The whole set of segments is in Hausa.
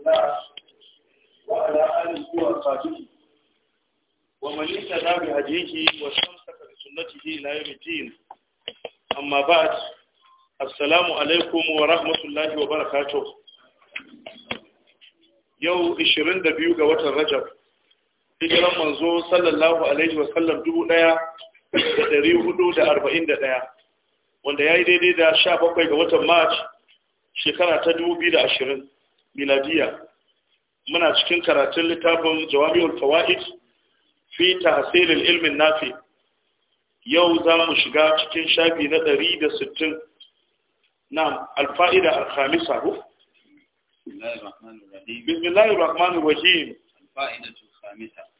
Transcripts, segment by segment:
اتباعه وعلى آله وأصحابه ومن اهتدى بهديه واستمسك بسنته إلى يوم الدين أما بعد السلام عليكم الله وبركاته yau 22 ga watan Rajab hijiran manzo sallallahu alaihi wa 1441 wanda yayi daidai da 17 ga watan March shekara ta 2020 miladiya muna cikin karatun littafin jawami'ul fawaid fi tahsilil ilmin nafi yau za mu shiga cikin shafi na 160 na alfa'ida alkhamisa ru bismillahir rahmanir rahim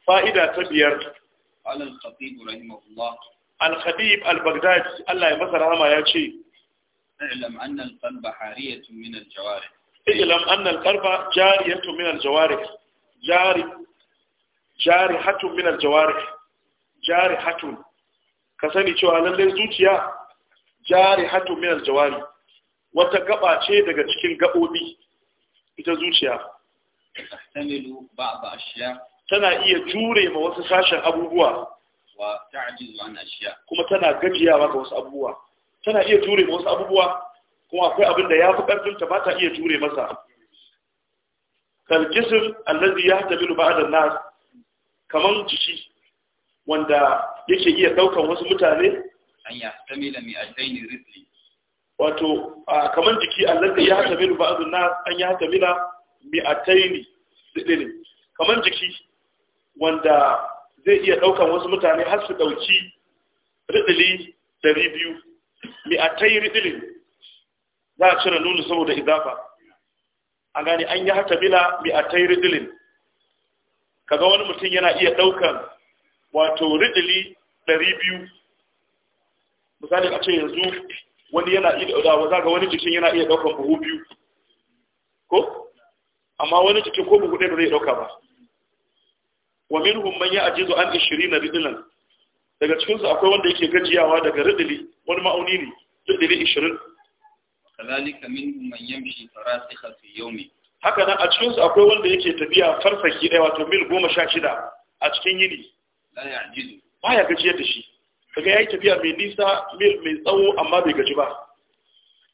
fa'ida ta biyar al-khatib al-baghdadi Allah ya masa rahama ya ce اعلم أن القلب حارية من الجوارح ilam annal jari jariyatun min al jawari jari jari jarihatun min jawari jari jarihatun ka sani cewa lallai zuciya jarihatun min al-jawari wata gaba ce daga cikin gaɓoɓi ita zuciya tana iya jure ma wasu sashen abubuwa kuma tana gajiyawa ga wasu abubuwa tana iya jure ma wasu abubuwa kuma akwai abin da ya fi ƙarfinta ba ta iya ture masa kalkisir allazi ya bilu ba'adar nas kamar jiki wanda yake iya ɗaukan wasu mutane an ya tamila mi ajdaini rizli wato kamar jiki allazi ya haɗa ba'ad nas an ya tamila mi ataini rizli Kamar jiki wanda zai iya ɗaukan wasu mutane har su ɗauki dauki rizli biyu, mi atai rizli za a cire nunu saboda izafa a gani an yi haka bila mai a tai ridilin kaga wani mutum yana iya ɗaukan wato ridili ɗari biyu misali a ce yanzu wani yana iya za ga wani jikin yana iya ɗaukan buhu biyu ko amma wani jikin ko buhu ɗaya ba zai ɗauka ba wa minhum man ya'jizu an 20 ridilan daga cikinsu akwai wanda yake gajiyawa daga ridili wani ma'auni ne ridili ishirin. kadhalika min man yamshi farasikha fi yawmi haka nan a cikin su akwai wanda yake tafiya farsaki dai wato mil goma sha shida a cikin yini la ya'jizu baya gaji da shi kaga yayi tafiya mai nisa mil mai tsawo amma bai gaji ba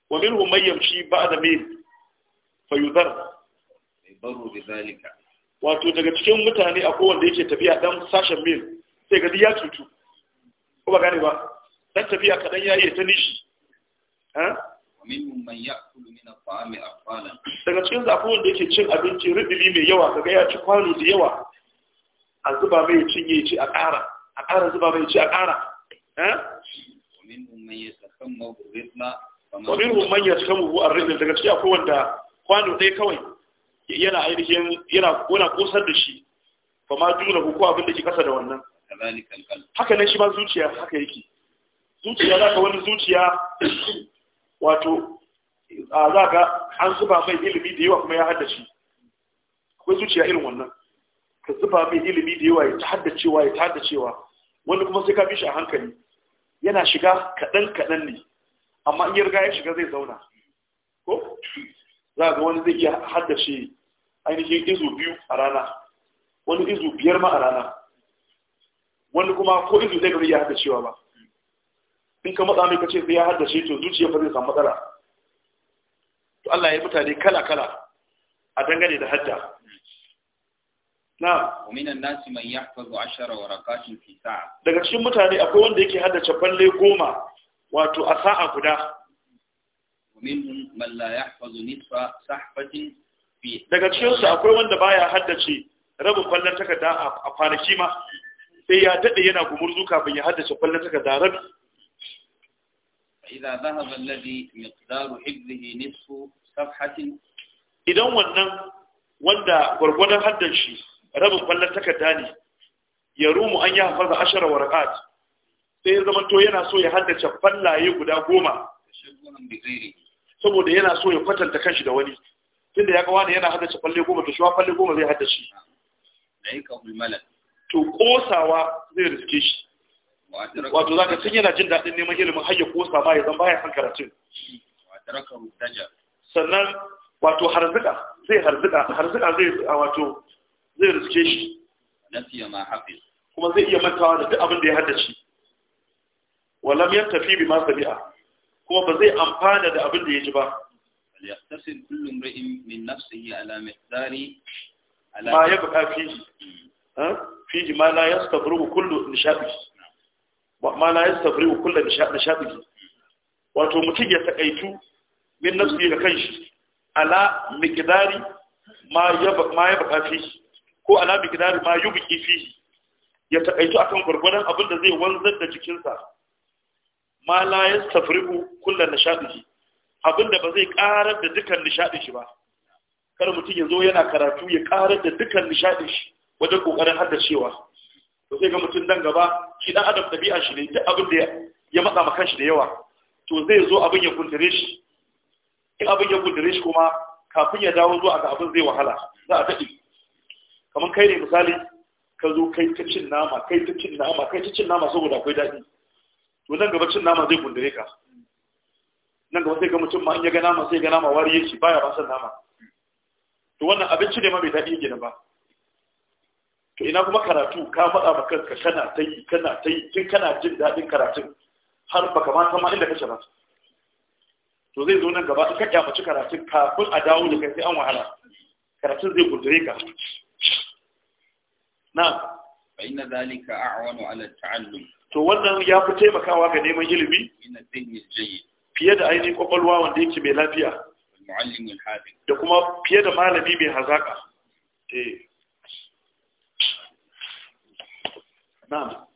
wa min man yamshi ba'da mil fayudhar baru bi wato daga cikin mutane akwai wanda yake tafiya dan sashen mil sai gadi ya cutu ko ba gane ba dan tafiya kadan yayi ta nishi ha daga cikin zafin da yake cin abinci rubili mai yawa kaga ya ci kwano da yawa a zuba mai ya ci a ƙara a ƙara zuba mai ci a ƙara wamin rumman ya cikin mubu a rikin daga cikin akwai wanda kwano dai kawai yana ainihin yana kona ƙosar da shi ba ma juna ko abin da ke kasa da wannan haka ne shi ma zuciya haka yake zuciya za ka wani zuciya wato a za ga an zuba mai ilimi da yawa kuma ya haddace akwai zuciya irin wannan ka zuba mai ilimi da yawa ya ta haddacewa ya ta haddacewa wanda kuma sai ka bi shi a hankali yana shiga kaɗan kaɗan ne amma in yarga ya shiga zai zauna ko za ga wani zai iya haddace ainihin izu biyu a rana wani izu biyar ma a rana wani kuma ko izu zai ba zai iya haddacewa ba in ka matsa mai kace sai ya haddace to zuciya fa zai samu matsala to Allah ya mutane kala kala a dangane da hadda na minan nasi man yahfazu 10 waraqatin fi sa'a daga cikin mutane akwai wanda yake haddace falle goma wato a sa'a guda ومنهم من لا يحفظ nisfa صحفة fi daga cikin su akwai wanda baya haddace rabu kwallon takarda a kwanaki ma sai ya dade yana gumurzu kafin ya haddace kwallon takarda rabi فإذا ذهب الذي مقدار حفظه نصف صفحة إذا ونن wanda gwargwadon haddan shi rabin kwallon takarda ne ya rumu an yi hafaza ashara warakat sai ya zama to yana so ya haddace fallaye guda goma saboda yana so ya kwatanta kanshi da wani tunda ya ga yana haddace falle goma to shiwa falle goma zai haddace to kosawa zai riske shi wato zaka tun yana jin daɗin neman ilimin hayya ko sama ya zan baya san karatun sannan wato harzuka zai harzuka harzuka zai wato zai riske shi kuma zai iya mantawa da duk abin da ya haddace walam tafi bi masa sabi'a kuma ba zai amfana da abin da ya ji ba yahtasil kullu imrin min nafsihi ala miqdari ala ma ya fihi fiji. Eh? Fiji ma la yastabru kullu nishabi ya la yastafri kullu shafi wato mutum ya takaitu min nafsi da kanshi ala miqdari ma ya ma fi ko ala miqdari ma yubqi fi ya takaitu akan gurgurdan abin da zai wanzar da jikinsa ma la safari kullum da shafi abinda ba zai karar da dukan nishadin shi ba kar mutum ya zo yana karatu ya karar da dukan nishadin shi wajen kokarin haddacewa to sai ga mutum dan gaba shi dan adam tabi'a shi ne duk abin da ya matsa ma shi da yawa to zai zo abin ya kuntare shi in abin ya kuntare shi kuma kafin ya dawo zuwa ga abin zai wahala za a tafi kamar kai ne misali ka zo kai ta cin nama kai ta cin nama kai ta cin nama saboda akwai daɗi to nan gaba cin nama zai kuntare ka nan gaba sai ga mutum ma in ya ga nama sai ga nama wari yake baya ba san nama to wannan abinci ne ma bai daɗi yake ba to ina kuma karatu ka faɗa ma kanka kana ta yi kana ta yi tun kana jin daɗin karatun har baka ma san ma inda ka shiga to zai zo nan gaba in ka kyamaci karatun kafin a dawo da kai sai an wahala karatun zai gudure ka na fa inna zalika a'wanu ala ta'allum to wannan ya fi taimakawa ga neman ilimi fiye da ainihin kwakwalwa wanda yake mai lafiya da kuma fiye da malami mai hazaka eh نعم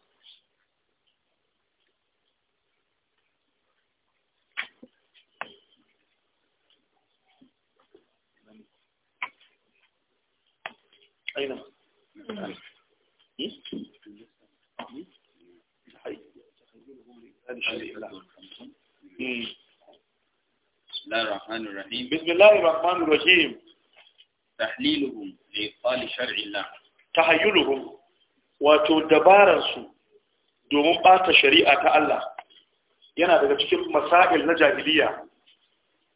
أين؟ بسم الله الرحمن الرحيم بسم الله الرحمن الرحيم تحليلهم لإبطال شرع الله تحيلهم wato dabaransu domin ɓata shari'a ta Allah yana daga cikin masail na jahiliya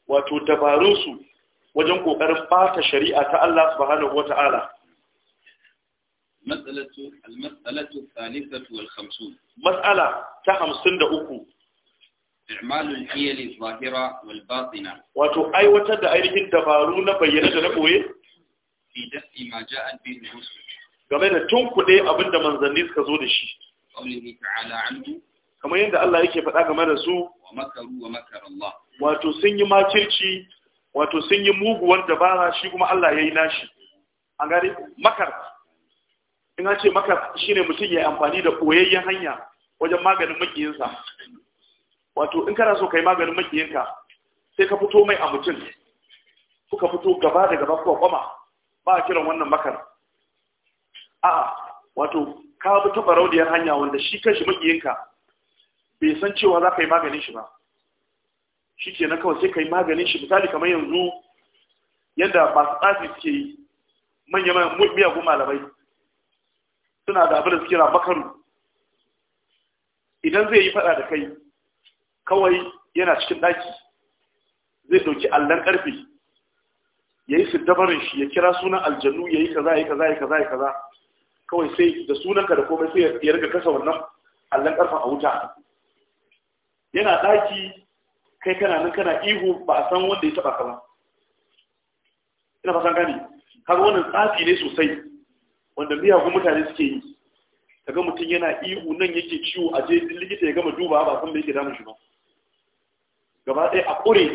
wato dabarunsu wajen ƙoƙarin ɓata shari'a ta Allah subhanahu wata'ala matsala ta hamsin da uku i'malul hiyali zahira wal batina wato aiwatar da ainihin dabaru na bayyana da na boye fi dafi ma ja'a bihi rusul game da tunkuɗe abin da manzanni suka zo da shi kamar yadda Allah yake faɗa game da su wato sun yi makirci wato sun yi muguwar dabara shi kuma Allah ya yi nashi A gari makar in ce makar shine mutum ya amfani da ɓoyayyen hanya wajen maganin makiyinsa wato in kana so ka yi maganin makiyinka sai ka fito mai a mutum kuka fito gaba da gaba kuwa kwama ba a kiran wannan makar a'a wato ka bi ta raudiyar hanya wanda shi kanshi makiyinka bai san cewa za ka yi maganin shi ba shi ke na kawai sai ka yi maganin shi misali kamar yanzu yadda masu tsafi suke yi manya-manyan miyagun malamai suna da abin da suke na bakaru idan zai yi fada da kai kawai yana cikin daki zai dauki allon karfe ya yi su dabarin shi ya kira sunan aljannu ya yi kaza ya yi kaza ya kaza kaza kawai sai da sunanka da komai sai ya riga kasa wannan allon karfan a wuta yana daki kai kana nan kana ihu ba a san wanda ya taba ka ba ina fasan gani har wannan tsafi ne sosai wanda miyagun mutane suke yi kaga mutum yana ihu nan yake ciwo a je likita ya gama duba ba san me yake damun shi ba gaba ɗaya a ƙure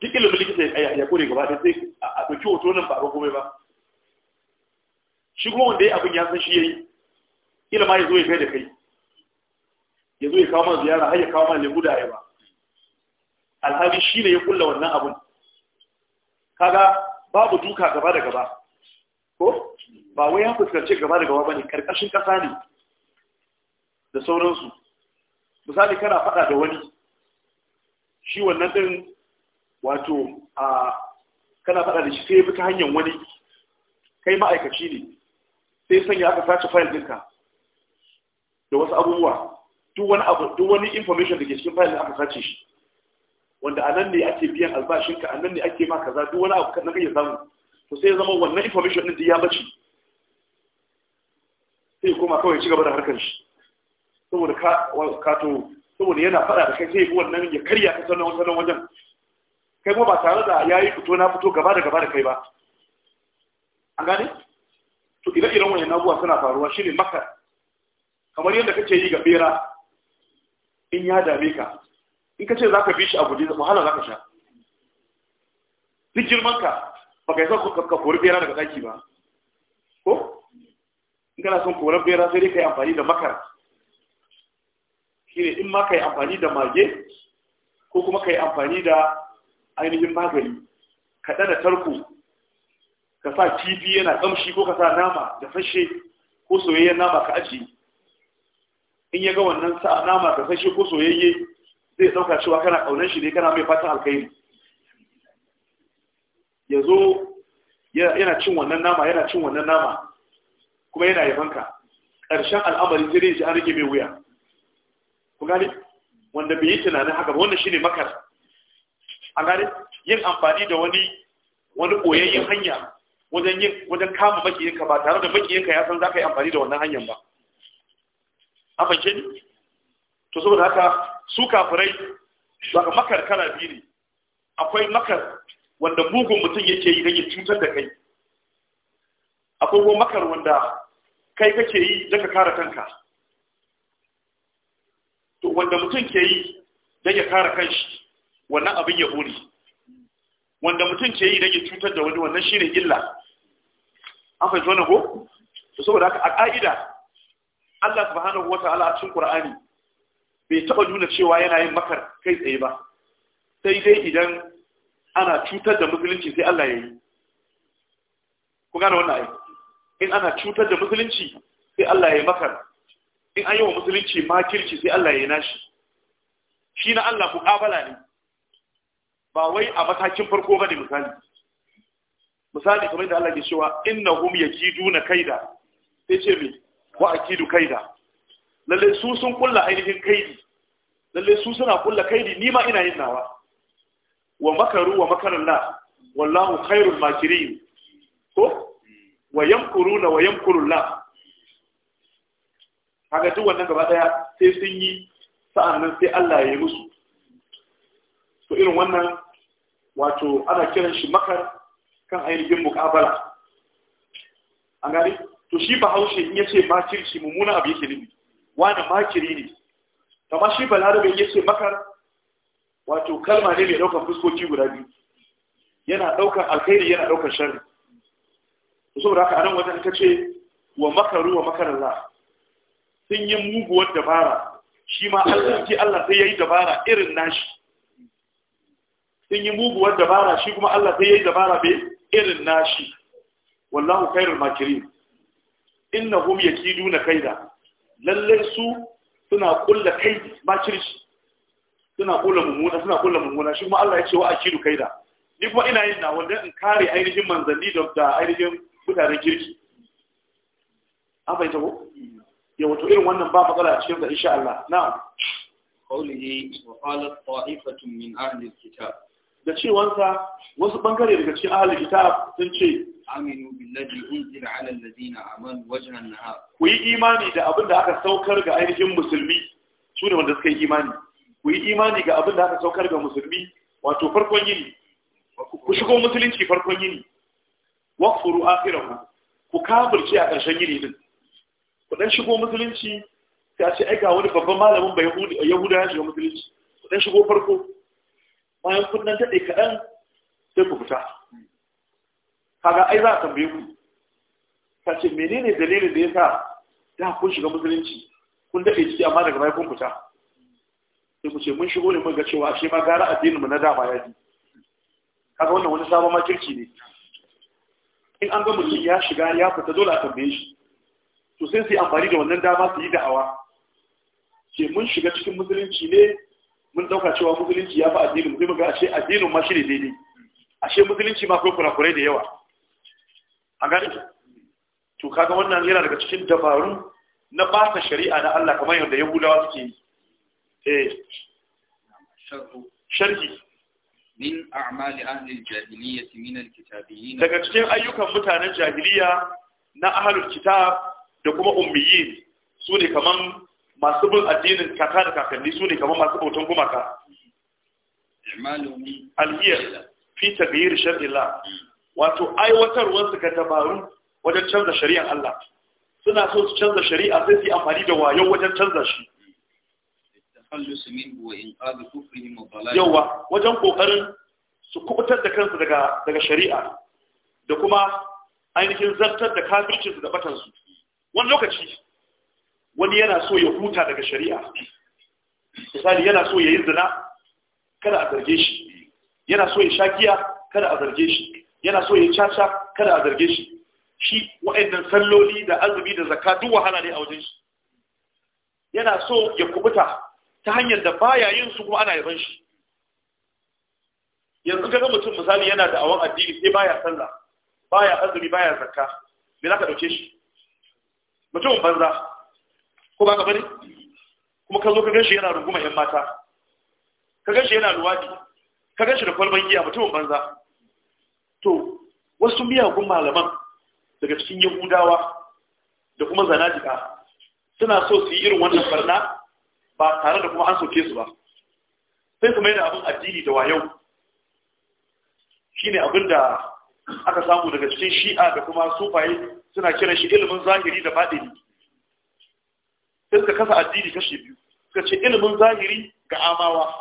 duk ilimin likita ya ƙure gaba ɗaya sai a ɗauki hoto nan ba a komai ba shi kuma wanda ya abin ya san shi ya yi ila ma ya zo ya kai da kai ya zo ya kawo mana ziyara har ya kawo mana lemu da ayaba alhali shi ne ya kulla wannan abun kaga babu duka gaba da gaba ko ba wai ya fuskanci gaba da gaba bane karkashin kasa ne da sauransu misali kana faɗa da wani shi wannan din wato a kana faɗa da shi sai ya fita ta hanyar wani kai ma'aikaci ne sai sanya aka sace fayil ɗinka da wasu abubuwa duk wani abu duk wani information da ke cikin fayil aka sace shi wanda a nan ne ake biyan albashinka a nan ne ake ma kaza duk wani abu kan kake samu to sai zama wannan information din ya bace sai kuma kawai ci gaba da harkar shi saboda ka kato saboda yana fada da kai sai bi wannan ya karya ka sanan wannan wajen kai kuma ba tare da yayi fito na fito gaba da gaba da kai ba an gane to ire iren wani abuwa suna faruwa shine maka? kamar yadda kake yi ga bera in ya dame ka in ka ce za ka bi shi a guje wahala za ka sha duk manka ka ba ka yi son ka kori bera daga daki ba ko in kana son korar bera sai dai ka yi amfani da makar shine in ma ka yi amfani da mage ko kuma ka yi amfani da ainihin magani ka da tarko ka sa kifi yana kamshi ko ka sa nama da fashe ko soyayyen nama ka ajiye in ya ga wannan sa nama da fashe ko soyayye zai dauka cewa kana kaunar shi ne kana mai fatan alkhairi ya zo yana cin wannan nama yana cin wannan nama kuma yana yabanka ƙarshen al'amari sai dai ji an rike mai wuya ku gane wanda bai yi tunanin haka ba wannan shine makar a gane yin amfani da wani wani koyayyen hanya wajen yin wajen kama makiyinka ba tare da makiyinka ya san za ka yi amfani da wannan hanyar ba an fahimce ni to saboda haka su kafirai za ka makar kala biyu ne akwai makar wanda mugun mutum yake yi don yin cutar da kai akwai kuma makar wanda kai kake yi don ka kare kanka to wanda mutum ke yi don ya kare kanshi wannan abin ya huri wanda mutum ke yi rage cutar da wani wannan shine illa an fahimci wannan ko to saboda haka a ka'ida Allah subhanahu wata'ala a cikin Qur'ani bai taba nuna cewa yana yin makar kai tsaye ba sai dai idan ana cutar da musulunci sai Allah ya yi ku gane wannan aiki in ana cutar da musulunci sai Allah ya yi makar in an yi wa musulunci makirci sai Allah ya yi nashi shi na Allah ku kabala ne ba wai a matakin farko ba ne misali misali kamar da Allah ke cewa innahum na kaida sai ce mai wa akidu kaida lalle su sun kulla ainihin kaidi lalle su suna kulla kaidi ni ma ina yin nawa wa makaru wa makarallah wallahu khairul makirin ko wa yamkuruna wa yamkurullah haka duk wannan gaba daya sai sun yi sa'annan sai Allah ya yi musu to irin wannan wato ana kiran shi makar kan ainihin mukabala an gani to shi bahaushe in yace makirci mummuna abu yake nufi wani makiri ne amma shi balarabe ya yace makar wato kalma ne mai ɗaukar fuskoki guda biyu yana ɗaukar alkhairi yana ɗaukar sharri to saboda haka anan wajen ka ce wa makaru wa makarar la sun yi muguwar dabara shi ma Allah sai Allah sai dabara irin nashi sun yi muguwar dabara shi kuma Allah sai ya yi dabara bai irin nashi wallahu khairul makirin innahum yakiduna kaida lalle su suna kulla kaidi makirci suna kulla mumuna, suna kulla mumuna shi kuma Allah ya ce wa akidu kaida ni kuma ina yin na wanda in kare ainihin manzanni da ainihin mutanen kirki an ta ko ya wato irin wannan ba matsala a cikin da insha Allah na'am qawlihi wa qalat ta'ifatu min ahli alkitab da cewansa wasu bangare daga cikin ahalin kitab sun ce aminu billahi unzila ala alladhina amanu wajhan nahar ku yi imani da abin da aka saukar ga ainihin musulmi su ne wanda suka yi imani ku yi imani ga abin da aka saukar ga musulmi wato farkon yini ku shigo musulunci farkon yini waqfuru akhirahu ku kafirce a ƙarshen yini din ku dan shigo musulunci sai a ce ai ga wani babban malamin bai yahuda ya shiga musulunci ku dan shigo farko bayan kun nan daɗe kaɗan sai ku fita kaga ai za a tambaye ku ka ce menene dalilin da ya sa da kun shiga musulunci kun daɗe ciki amma daga bayan kun fita sai ku ce mun shigo ne mun ga cewa ashe ma gara addinin mu na dama ya ji kaga wannan wani sabon makirki ne in an ga mutum ya shiga ya fita dole a tambaye shi to sai su yi amfani da wannan dama su yi da'awa ce mun shiga cikin musulunci ne mun dauka cewa musulunci ya fi addinin musulmi ga ashe addinin ma shine daidai ashe musulunci ma akwai kurakurai da yawa a gani to kaga wannan yana daga cikin dabaru na bata shari'a na Allah kamar yadda Yahudawa suke eh sharhi min a'mali ahli al-jahiliyyah min al-kitabiyyin daga cikin ayyukan mutanen jahiliya na ahlul kitab da kuma ummiyin su ne kaman masu bin addinin kaka da kakanni su ne kamar masu bautan gumaka alhiyar fi tagayyar shar'ila hmm. wato aiwatarwarsu ga dabaru wajen canza shari'an Allah suna so su canza shari'a sai su yi amfani da wayo wajen canza shi yauwa wajen kokarin su kubutar da kansu daga shari'a da kuma ainihin zartar da kafircinsu da batansu wani lokaci wani yana so ya huta daga shari'a misali yana so ya yi zina kada a zarge shi yana so ya shakiya kada a zarge shi yana so ya caca kada a zarge shi shi wa'annan salloli da azumi da zakka duk wahala ne a wajen shi yana so ya kubuta ta hanyar da baya yin su kuma ana yaban shi yanzu kaga mutum misali yana da awon addini sai baya sallah baya azumi baya zakka me zaka dauke shi mutum banza ko ba ka bane kuma ka zo ka ganshi yana runguma yan mata ka ganshi yana luwadi ka ganshi da kwalban giya mutumin banza to wasu miyagun malaman daga cikin yahudawa da kuma zanadika suna so su yi irin wannan barna ba tare da kuma an soke su ba sai su mai da abin addini da wayau shine abin da aka samu daga cikin shi'a da kuma sufaye suna kiran shi ilimin zahiri da baɗini sai suka kasa addini kashe biyu suka ce ilimin zahiri ga amawa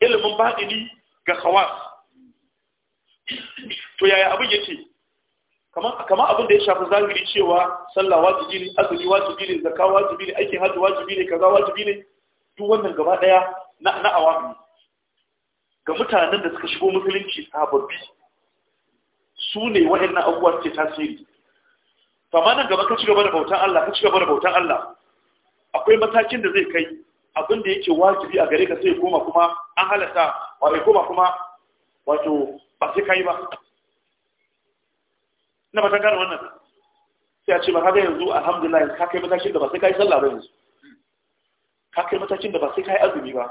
ilimin baɗini ga khawas to yaya abin yake kama abin da ya shafi zahiri cewa sallah wajibi ne azumi wajibi ne zakka wajibi ne aikin hajji wajibi ne kaza wajibi ne duk wannan gaba daya na na awami ga mutanen da suka shigo musulunci sababbi su ne waɗannan abubuwa suke tasiri amma nan gaba ka ci gaba da bautan Allah ka ci gaba da bautan Allah akwai matakin da zai kai abin da yake wajibi a gare ka sai koma kuma an halatta wato koma kuma wato ba sai kai ba na bata gane wannan sai a ce ba kaga yanzu alhamdulillah ka kai matakin da ba sai kai sallah ba yanzu ka kai matakin da ba sai kai azumi ba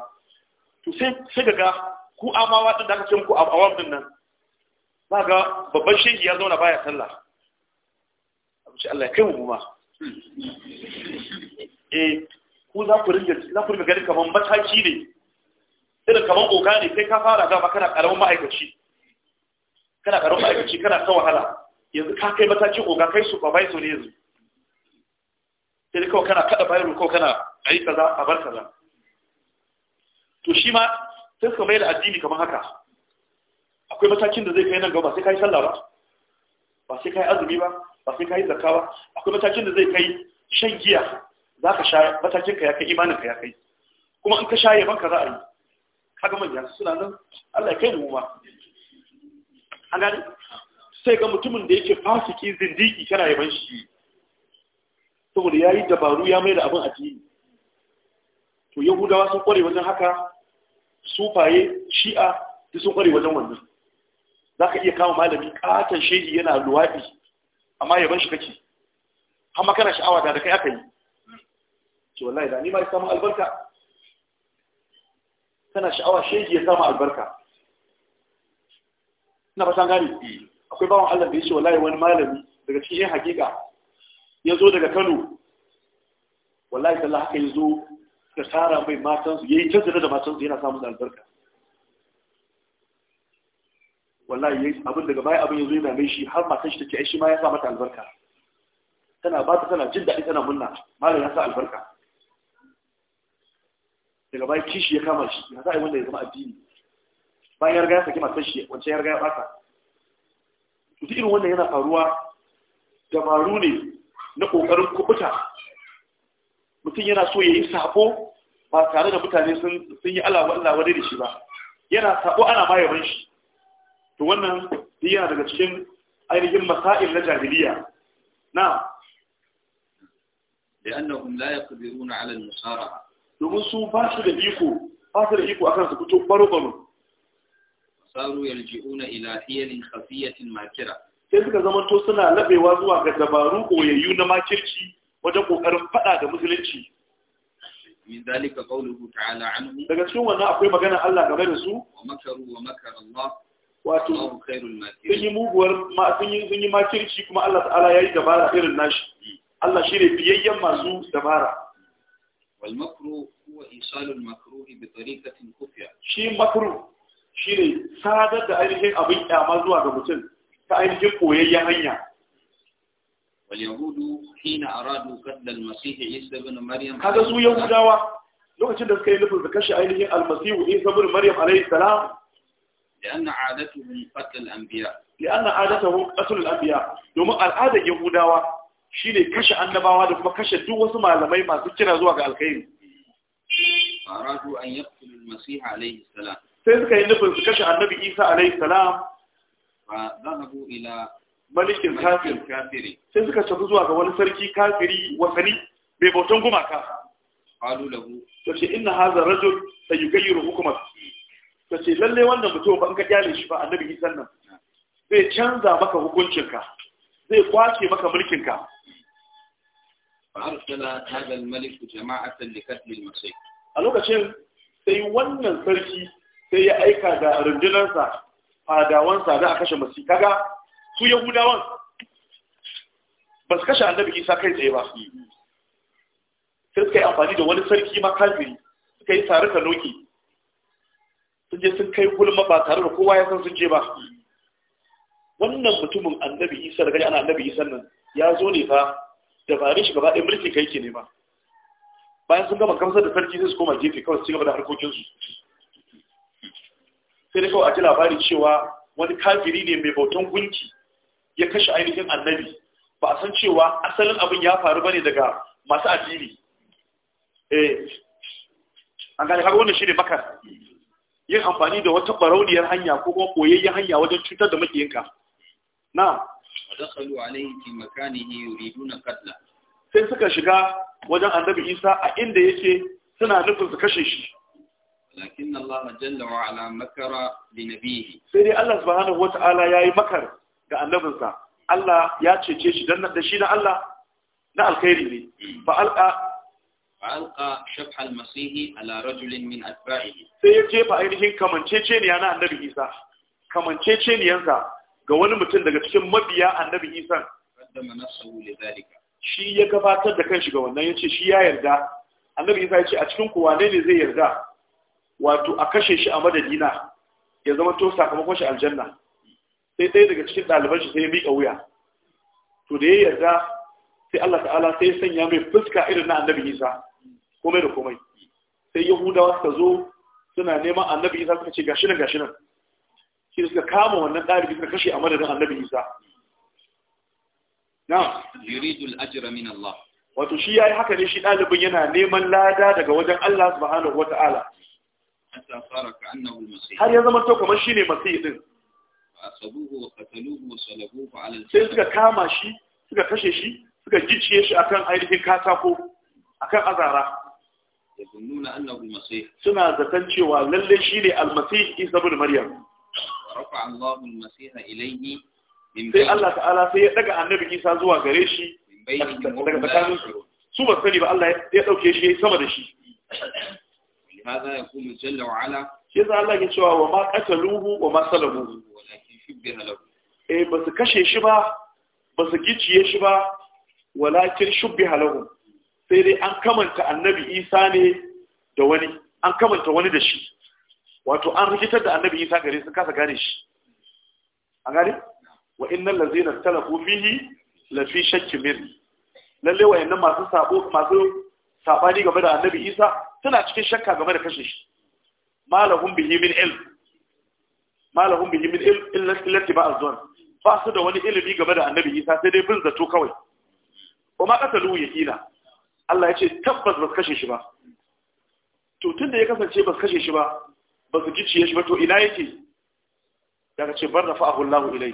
to sai sai ga ku amawa din da aka ce muku a awam din nan za ga babban shehi ya zauna baya sallah ce Allah ya kai mu kuma eh ku za ku rinka za ku rinka ganin kaman mataki ne irin kamar oga ne sai ka fara gaba kana karamin ma'aikaci kana karamin ma'aikaci kana ta wahala yanzu ka kai matakin oga kai su supervisor ne yanzu sai kawai kana kada bayarwa kawai kana a yi kaza a bar kaza to shi ma sai suka mai da addini kamar haka akwai matakin da zai kai nan gaba sai ka yi sallah ba ba sai ka yi azumi ba ba sai ka yi zakka ba akwai matakin da zai kai shan giya za ka sha matakin ka ya kai imanin ka ya kai kuma in ka sha yaban ka za a yi kaga manya suna nan Allah ya kai mu ba an gani sai ga mutumin da yake fasiki zindiki kana yaban shi saboda ya yi dabaru ya mai da abin addini to yahudawa sun kware wajen haka sufaye shi'a duk sun kware wajen wannan za ka iya kama malami katon shehi yana luwaɗi amma yaban shi kake amma kana sha'awa da kai aka yi ce wallahi da ni ma ya samu albarka kana sha'awa shege ya samu albarka ina san gani akwai bawon Allah da ya ce wallahi wani malami daga cikin yan hakika ya zo daga Kano wallahi sallah haka ya zo ka tara mai matansu ya yi tattara da matansu yana samun albarka wallahi abin daga baya abin yanzu yana mai shi har matan shi take ai shi ma ya sa mata albarka tana ba ta tana jin daɗi tana munna malam ya sa albarka daga bayan kishi ya kama shi ya za yi wanda ya zama addini bayan ya riga ya saki matar shi wancan ya riga ya ɓata. to duk irin wannan yana faruwa dabaru ne na ƙoƙarin kubuta mutum yana so ya yi sabo ba tare da mutane sun yi alawa Allah wani da shi ba yana sabo ana ma yaban shi to wannan yana daga cikin ainihin masail na jahiliya na لأنهم لا يقدرون على المصارعة domin su ba su da iko ba su da iko akan su fito baro baro saru yarji'una ila hiyalin khafiyatin makira sai suka zama to suna labewa zuwa ga dabaru koyayyu na makirci wajen kokarin fada da musulunci min dalika qawluhu ta'ala anhu daga cikin wannan akwai magana Allah game da su wa makaru wa makara Allah wato sun yi muguwar sun yi makirci kuma Allah ta'ala yayi dabara irin nashi Allah shi ne fiyayyen masu dabara والمكروه هو إيصال المكروه بطريقة خفية شي مكروه شيء سادة تأريخ أبي أعمال دوا كمتن تأريخ قوية يهنيا واليهود حين أرادوا قتل المسيح عيسى بن مريم هذا سوء يهود جاوة لو كنت تدرس كي نفل ذكاش أيليه المسيح عيسى بن مريم عليه السلام لأن عادتهم قتل الأنبياء لأن عادتهم قتل الأنبياء يوم العادة يهود Shi ne kashe annabawa da kuma kashe duk wasu malamai masu kira zuwa ga alkhairi aradu an yaqtulu al-masih alayhi salam sai suka yi nufin su kashe annabi Isa alayhi salam fa zahabu ila malikin kafir kafiri sai suka tafi zuwa ga wani sarki kafiri wasani bai bautan gumaka qalu lahu to ce inna hadha rajul sayughayyiru hukumak Tace ce lalle wannan mutum ba in ka kyale shi ba annabi Isa nan zai canza maka hukuncinka zai kwace maka mulkinka arsala hadha al-malik jama'atan li qatl al a lokacin sai wannan sarki sai ya aika da rundunarsa fadawansa da a kashe masih kaga su yahudawan ba su kashe annabi isa kai tsaye ba sai suka yi amfani da wani sarki ma kafiri suka yi tare ka noki sun je sun kai gulma ba tare da kowa ya san sun je ba wannan mutumin annabi isa da gani ana annabi isa nan ya zo ne fa dabarun shi gaba ɗaya mulki kai ke ne ba bayan sun gama gamsar da sarki zai su koma gefe kawai su gaba da harkokinsu sai dai kawai a ji labari cewa wani kafiri ne mai bautan gunki ya kashe ainihin annabi ba a san cewa asalin abin ya faru bane daga masu addini eh an gane kaga wannan shine bakar yin amfani da wata barauniyar hanya ko kuma koyayyen hanya wajen cutar da makiyinka na'am ودخلوا عليه في مكانه يريدون قتله sai suka shiga wajen annabi Isa a inda yake suna nufin su kashe shi lakin Allah jalla wa ala makara li nabihi sai dai Allah subhanahu wataala yayi makar ga annabinsa Allah ya cece shi dan da shi na Allah na alkhairi ne fa alqa fa alqa shabh al masih ala rajul min atba'ihi sai ya jefa ainihin kamanceceniya na annabi Isa kamanceceniyansa ga wani mutum daga cikin mabiya annabi Isa shi ya gabatar da kanshi ga wannan ya ce, shi ya yarda annabi Isa yace a cikin kuwa ne ne zai yarda wato a kashe shi a madadina ya zama to sakamakon shi aljanna sai ɗaya daga cikin ɗaliban shi sai ya miƙa wuya to da ya yarda sai Allah ta'ala sai ya sanya mai fuska irin na annabi Isa komai da komai sai Yahudawa suka zo suna neman annabi Isa suka ce gashi nan gashi nan shi suka kama wannan ɗalibi suka kashe a madadin annabi isa na yuridul ajra min Allah wato shi yayi haka ne shi ɗalibin yana neman lada daga wajen Allah subhanahu wata'ala hatta har ya zama to kamar shine masih din asabuhu sai suka kama shi suka kashe shi suka gicciye shi akan ainihin katako akan azara suna zaton cewa lalle shi ne masih isa ibn maryam rafa Allahu al-masiha ilayhi sai Allah ta'ala sai ya daga annabi Isa zuwa gare shi daga tsakanin su su ba sani ba Allah ya dauke shi sama da shi لهذا يقول جل وعلا يزعل الله يتشوى وما قتلوه وما صلبوه ولكن شبه له ba su kashe shi ba ba su gicciye shi ba walakin shubbi halahu sai dai an kamanta annabi isa ne da wani an kamanta wani da shi wato an rikitar da annabi isa gare sun kasa gane shi A gane wa innal ladzina talafu fihi la fi shakkin min lalle wayannan masu sabo masu sabani game da annabi isa suna cikin shakka game da kashe shi malahun bihi min ilm malahum bihi min ilm illa ittiba ba su da wani ilimi game da annabi isa sai dai bin zato kawai kuma ya yaqila Allah ya ce tabbas ba su kashe shi ba to da ya kasance ba su kashe shi ba ba su gicciye shi ba to ina yake daga ce bar rafa ahu Allahu ilai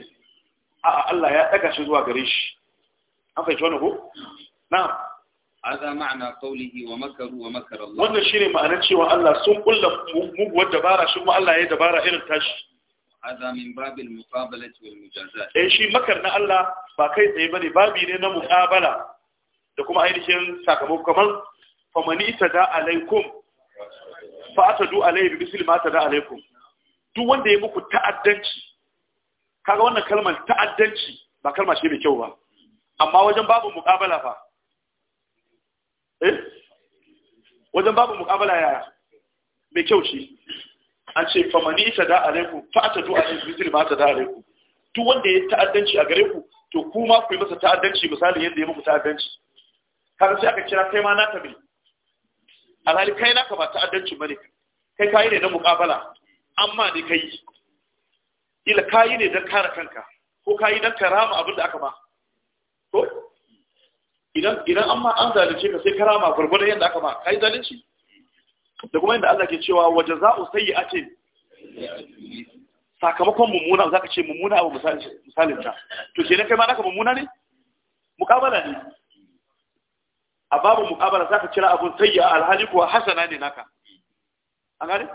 a Allah ya daga shi zuwa gare shi an fahimci wani ko na'am hadha ma'ana qawlihi wa makaru wa makara Allah wannan shine ma'anar cewa Allah sun kulla muguwar dabara shi kuma Allah ya dabara irin tashi hadha min babil muqabalati wal mujazat eh shi makar na Allah ba kai tsaye bane babi ne na muqabala da kuma ainihin sakamako kamar famani tada alaikum fa du alayhi bi misli ta da alaykum duk wanda ya muku ta'addanci kaga wannan kalmar ta'addanci ba kalma ce mai kyau ba amma wajen babu muqabala fa eh wajen babu muqabala yaya mai kyau ce an ce fa mani da alaykum fa du alayhi bi misli ta da alaykum duk wanda ya ta'addanci a gare ku to kuma ku yi masa ta'addanci misali yadda ya muku ta'addanci kaga sai aka kira kai ma na tabi alhali kai ka ba ta'addancin bane kai kayi ne na muƙabala amma ne kai ila kayi ne don kare kanka ko kayi don karama abin da aka ba? Ko idan idan amma an zalunce ka sai karama gurgurdan yadda aka ba kayi zalunci da kuma yadda Allah ke cewa waje za'u sayyi'atin sakamakon mummuna za ka ce mummuna abu misalin ta to ke kai ma naka mummuna ne mukabala ne a babu muƙabala za ka kira abun tayya alhali kuwa hasana ne naka an gane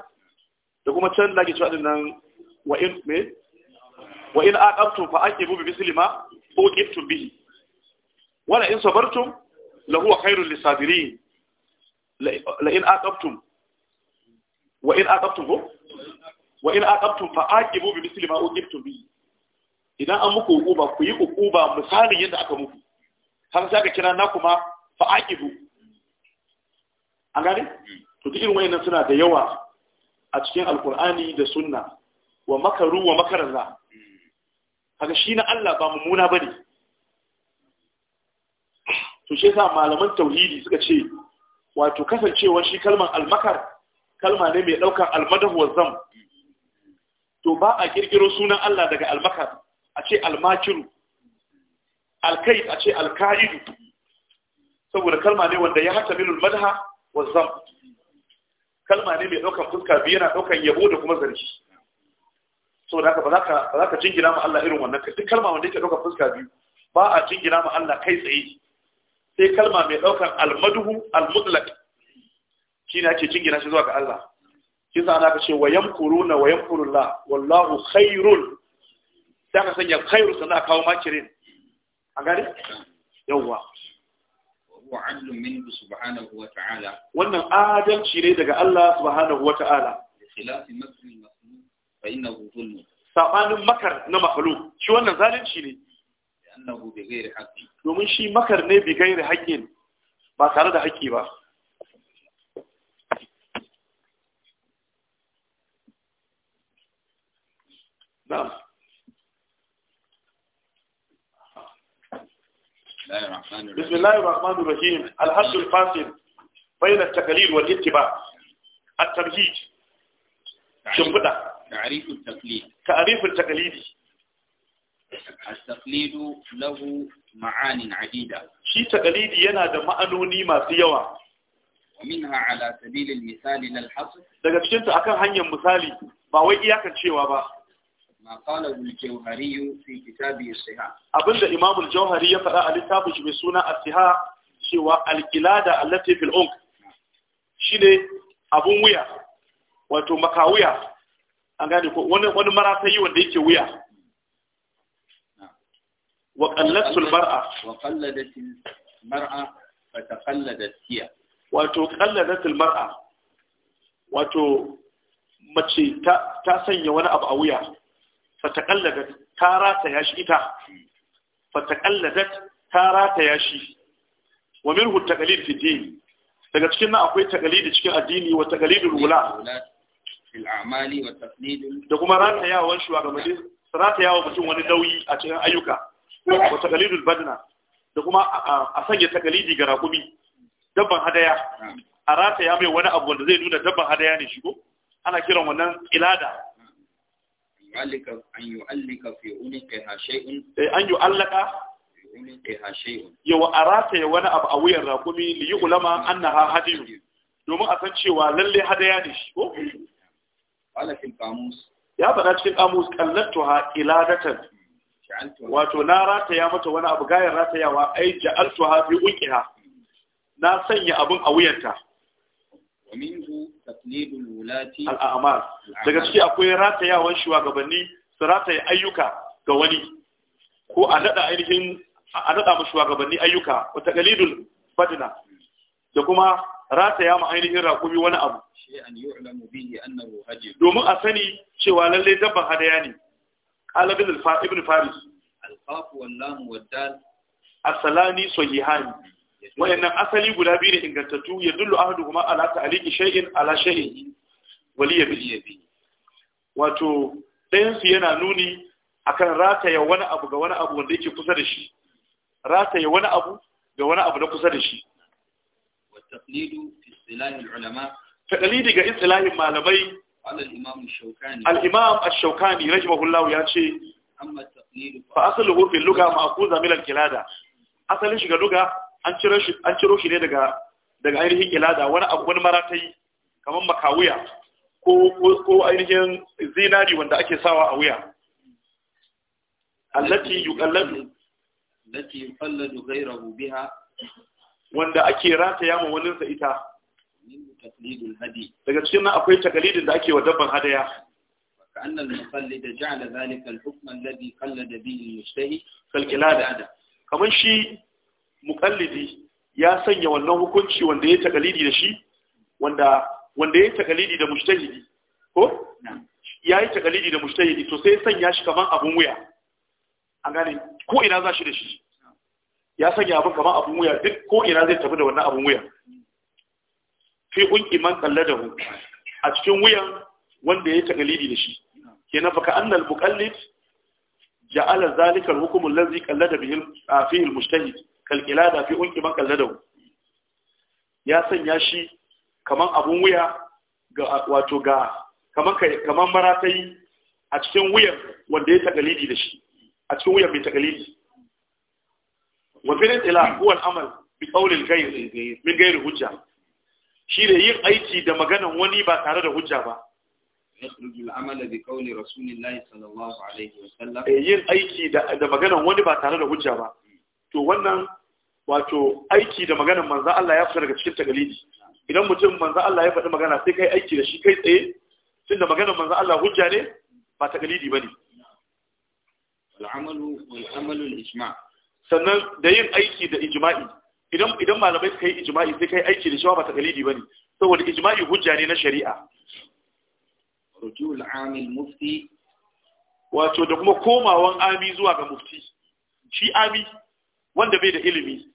da kuma can da ke cewa din nan wa in me wa in aqabtum fa aqibu bi misli ma uqibtum bihi wala in sabartum la huwa khairul lisabirin la in aqabtum wa in aqabtum wa in aqabtum fa aqibu bi misli ma uqibtum bihi idan an muku uquba ku yi uquba misalin yadda aka muku har sai ka kira na kuma fa aqibu an gane to duk irin wayannan suna da yawa a cikin alqur'ani da sunna wa makaru wa makarallah kaga shi na Allah ba mummuna bane to shi yasa malaman tauhidi suka ce wato kasancewar shi kalmar almakar kalma ne mai daukar almadahu wa to ba a kirkiro sunan Allah daga almakar a ce almakiru alkai a ce alkaidu saboda kalma ne wanda ya hata milul madha wa zam kalma ne mai daukan fuska biyu yana daukan yabo da kuma zargi saboda haka ba za ka ba za ka jingina ma Allah irin wannan duk kalma wanda yake daukan fuska biyu ba a jingina ma Allah kai tsaye sai kalma mai daukan almadhu almutlaq shine ake jingina shi zuwa ga Allah shi sa ana ka ce wa yamkuruna wa yamkurullah wallahu khairul sai ka sanya khairu sannan a kawo makirin a gani yawwa huwa adlun min subhanahu wa ta'ala wannan adalci ne daga Allah subhanahu wa ta'ala khilafi masrul masrul fa innahu zulm sabanin makar na makhluq shi wannan zalunci ne annahu bi ghairi haqqi domin shi makar ne bi ghairi haqqi ba tare da haƙƙi ba na'am بسم الله الرحمن الرحيم الحق الفاصل بين التقليد والاتباع التمهيد شنبدا تعريف التقليد تعريف التقليد التقليد له معان عديدة شي تقليد ينا ده معنوني ما سيوا ومنها على سبيل المثال للحصر daga cikin ta akan hanyar misali ba wai iyakan cewa ba ma qala al-jawhari fi kitabi abinda imam al ya faɗa a littafin shi mai suna as-siha cewa al wuya wato makawuya an gane ko wani wani yi wanda yake wuya wa qallatul mar'a wa qalladatil mar'a fa taqalladat hiya wato qalladatil mar'a wato mace ta sanya wani abu a wuya fataqalladat ta rata ya shi ita fataqalladat ta rata ya shi wa minhu taqlid fi din daga cikin nan akwai taqlidi cikin addini wa taqlidul wula fil a'mali wa taqlid da kuma rata yawon shugabanni rata yawon mutum wani dauyi a cikin ayyuka wa taqlidul badna da kuma a sanya taqlidi ga rakumi dabban hadaya a rata ya mai wani abu wanda zai nuna dabban hadaya ne shi ko ana kiran wannan ilada Eh, an yi allaka uniqiha a rata an ya wani abu a wuyan rakumi li na annaha hadiyu domin a san cewa lalle hadaya ne shi ko qala fil ya faɗa cikin qamus ha iladatan wato na rataya mata wani abu gayar yawa ai ha fi uqiha na sanya abun a wuyanta taklidul wulati daga ciki akwai ratayawan shugabanni su rataye ayyuka ga wani ko a ainihin a shugabanni ayyuka wa ainihin rakumi wani abu domin a sani cewa lallai dabban hadaya ne Ƙalabin ibn faris al-qaf wayannan asali guda biyu ne ingantattu ya dullu kuma ala ta'liqi shay'in ala shay'in wali bi. wato ɗayan su yana nuni akan rataya wani abu ga wani abu wanda yake kusa da shi rataya wani abu ga wani abu na kusa da shi والتقليد في اصطلاح العلماء تقليد ga istilahin malamai al-imam ash-shawkani al-imam ash-shawkani ya ce amma taqlid fa asluhu fi lugha ma'khudha min al-kilada asalin shi ga lugha an ciro shi ne daga ainihin ilada wani abu wani maratayi kamar makawuya ko ainihin zinari wanda ake sawa a wuya allati yuqalladu allati yuqalladu biha wanda ake rataya ma wani sa ita daga cikin nan akwai takalidin da ake wa dabban hadaya كأن المقلد جعل ذلك الحكم الذي قلد mukallidi ya sanya wannan hukunci wanda ya takalidi da shi wanda wanda ya takalidi da mujtahidi ko ya yi takalidi da mujtahidi to sai sanya shi kaman abun wuya an gane ko ina za shi da shi ya sanya abun kaman abun wuya duk ko ina zai tafi da wannan abun wuya fi kun iman kalladahu a cikin wuyan wanda ya takalidi da shi kenan fa ka annal muqallid ja'ala zalika al-hukm allazi qallada bihi ah, fihi al-mujtahid kalkilada fi unki man kalladau ya sanya shi kaman abun wuya ga wato ga kaman kaman maratai a cikin wuyan wanda ya takalidi da shi a cikin wuyan mai takalidi wa fi ila huwa al-amal bi qawli al-ghayr min ghayr hujja shi da yin aiki da maganan wani ba tare da hujja ba يخرج العمل بقول رسول الله صلى الله عليه وسلم yin aiki da magana wani ba tare da hujja ba to wannan wato aiki da maganar manzan Allah ya fita daga cikin tagalidi idan mutum manzan Allah ya faɗi magana sai kai aiki da shi kai tsaye tunda maganar manzan Allah hujja ne ba tagalidi ba ne sannan da yin aiki da ijma'i idan idan malamai suka yi ijma'i sai kai aiki da shi ba tagalidi ba ne saboda ijma'i hujja ne na shari'a rujul amil mufti wato da kuma komawan ami zuwa ga mufti shi ami wanda bai da ilimi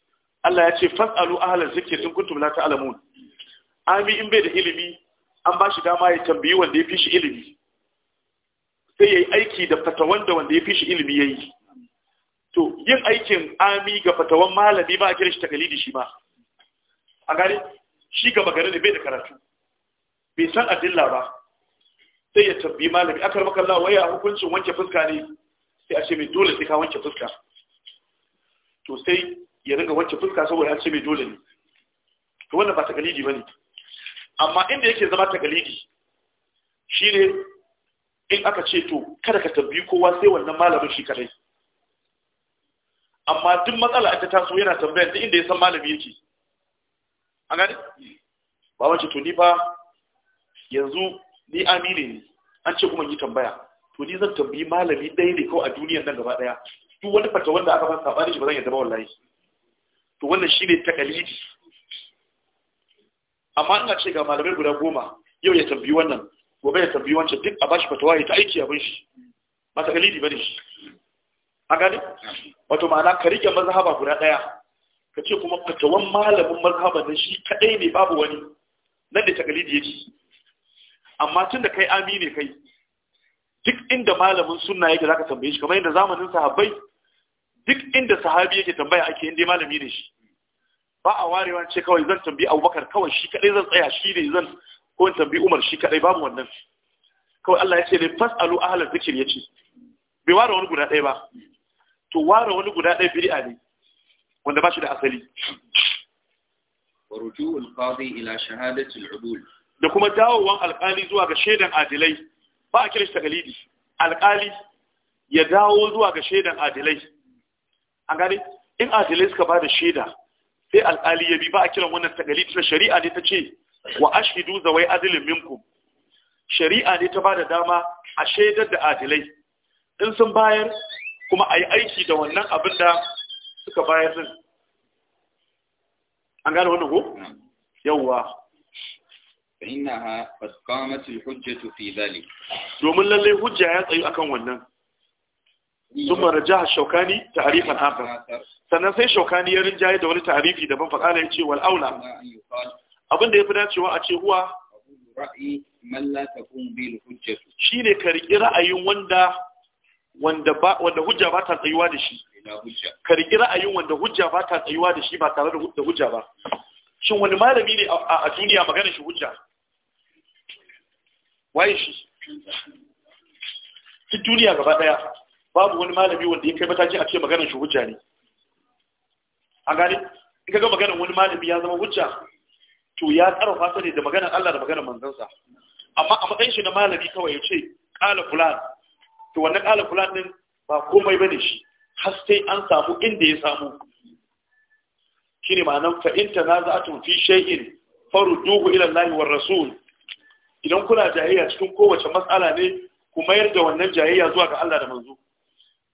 Allah ya ce fas'alu ahlal zikri in kuntum la ta'lamun ami in bai da ilimi an ba shi dama ya tambayi wanda ya fi shi ilimi sai ya yi aiki da fatawan da wanda ya fi shi ilimi ya yi to yin aikin ami ga fatawan malami ba a kira shi takalidi shi ba a gare shi gaba gare ne bai da karatu bai san adilla ba sai ya tambayi malami akar makalla waya hukuncin wanke fuska ne sai a ce mai dole sai ka wanke fuska to sai ya riga wacce fuska saboda ya ce mai dole ne to wannan ba takalidi bane amma inda yake zama takalidi ne in aka ce to kada ka tabbi kowa sai wannan malamin shi kadai amma duk matsala ta taso yana tambayar duk inda ya san malami yake an gane ba wace to ni ba yanzu ni amine ne an ce kuma yi tambaya to ni zan tambayi malami ɗaya ne kawai a duniyar nan gaba ɗaya duk wani fata wanda aka fasa ba shi ba zan yadda ba wallahi to wannan shi ne takalidi amma ina ce ga malamai guda goma yau ya tambayi wannan gobe ya tambayi wancan duk a bashi fatawa ya ta aiki abin shi ba takalidi ba ne shi a gani wato ma'ana ka rike mazhaba guda ɗaya ka ce kuma fatawan malamin mazhaba na shi kaɗai ne babu wani nan da takalidi ci amma tun da kai amini kai duk inda malamin sunna yake zaka tambaye shi kamar yadda zamanin sahabbai duk inda sahabi yake tambaya ake inda malami ne shi ba a warewa ce kawai zan tambi abubakar kawai shi kadai zan tsaya shi ne zan ko in tambi umar shi kadai babu wannan kawai Allah ya ce ne fasalu ahlal zikir yace bai ware wani guda ɗaya ba to ware wani guda ɗaya bid'a ne wanda ba shi da asali wa qadi ila shahadati al-udul da kuma dawowan alƙali zuwa ga shaidan adilai ba a kirish takalidi alƙali ya dawo zuwa ga shaidan adilai an gane in adilai suka ba da shaida sai alƙali ya bi ba a kiran wannan tagalit na shari'a ne ta ce wa ashhidu zawai adalin minku shari'a ne ta ba da dama a shaidar da adilai in sun bayar kuma a yi aiki da wannan abin da suka bayar din an gane wannan ko yawwa فإنها قد قامت الحجة في ذلك domin lalle hujja ya tsayu akan wannan ثم رجح الشوكاني تعريفا آخر sannan sai shaukani ya rinjaye da wani tarifi daban faƙala ya ce wal aula abin da ya fi dacewa a ce huwa shi ne karki ra'ayin wanda wanda hujja ba ta tsayuwa da shi karki ra'ayin wanda hujja ba ta tsayuwa da shi ba tare da hujja ba shin wani malami ne a duniya magana shi hujja waye shi duk duniya gaba ɗaya babu wani malami wanda ya kai mataki a ce maganar shi hujja ne a gani in ka ga maganar wani malami ya zama hujja to ya tsara fasa ne da maganar Allah da maganar manzansa amma a matsayin shi na malami kawai ya ce kala fulan to wannan kala fulan din ba komai bane shi har sai an samu inda ya samu shine ma'anar fa in tanaza'atum fi shay'in farudduhu ila Allah war rasu? idan kuna jayayya cikin kowace matsala ne ku mayar da wannan jayayya zuwa ga Allah da manzo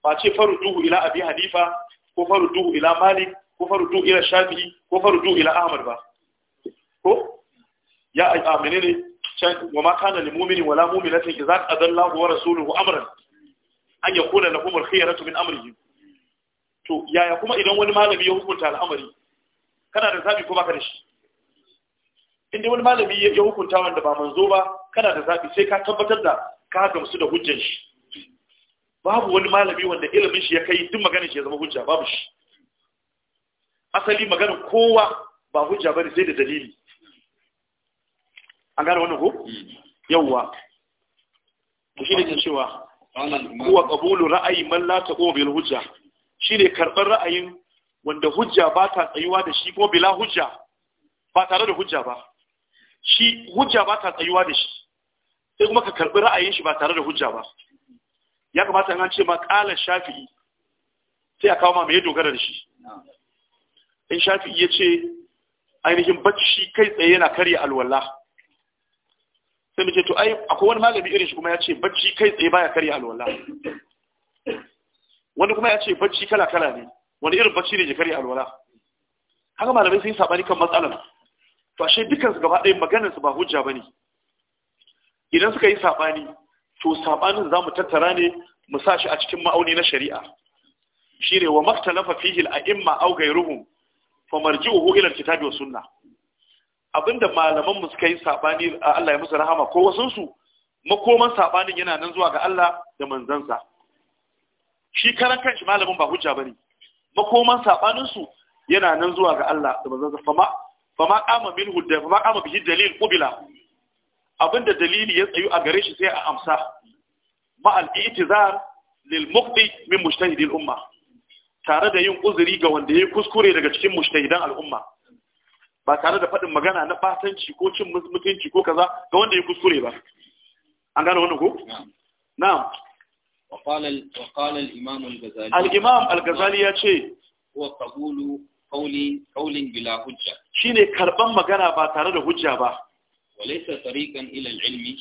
ba ce duhu ila abi hanifa ko duhu ila malik ko duhu ila shafi'i ko duhu ila ahmad ba ko ya amene ne can wa ma kana lil mu'mini wala mu'minati idza qada Allahu wa rasuluhu amran an yakuna lahum al-khiyaratu min amrihi to yaya kuma idan wani malami ya hukunta al'amari kana da zabi ko baka da shi inda wani malami ya hukunta wanda ba manzo ba kana da zabi sai ka tabbatar da ka gamsu da hujjar shi babu wani malami wanda ilimin shi ya kai duk maganin shi ya zama hujja babu shi asali maganin kowa ba hujja bane sai da dalili an gane wannan ko yawwa to shi ne ke cewa huwa qabulu ra'ayi man la taqum bil hujja shine karban ra'ayin wanda hujja ba ta tsayuwa da shi ko bila hujja ba tare da hujja ba shi hujja ba ta tsayuwa da shi sai kuma ka karbi ra'ayin shi ba tare da hujja ba ya kamata an ce ma ƙala shafi'i sai a kawo ma mai dogara da shi in shafi'i ya ce ainihin bacci kai tsaye yana karya alwala sai mace to ai akwai wani malami irin shi kuma ya ce bacci kai tsaye baya karya alwala wani kuma ya ce bacci kala kala ne wani irin bacci ne ke karya alwala haka malamai sun yi sabani kan matsalar to ashe dukkan su gaba ɗaya maganar su ba hujja bane idan suka yi saɓani. to sabanin zamu tattara ne mu sa shi a cikin ma'auni na shari'a shine wa maktalafa fihi al-a'imma aw ghayruhum fa marji'uhu ila al-kitabi was sunnah abinda malaman mu suka yi sabani Allah ya musu rahama ko wasun su makoman sabanin yana nan zuwa ga Allah da manzansa shi karan kanshi malamin ba hujja bane makoman sabanin su yana nan zuwa ga Allah da manzansa fa ma qama minhu da ma qama bihi dalil qubila abinda dalili ya tsayu a gare shi sai a amsa ma'al itizar lil muqti min mujtahidil umma tare da yin uzuri ga wanda yayi kuskure daga cikin mujtahidan al'umma ba tare da faɗin magana na batanci ko cin mutunci ko kaza ga wanda yayi kuskure ba an gane wannan ko na'am وقال وقال الامام الغزالي الامام الغزالي ce wa qabulu qawli qawlin bila hujja shine karban magana ba tare da hujja ba walaysa tariqan ila al-ilmi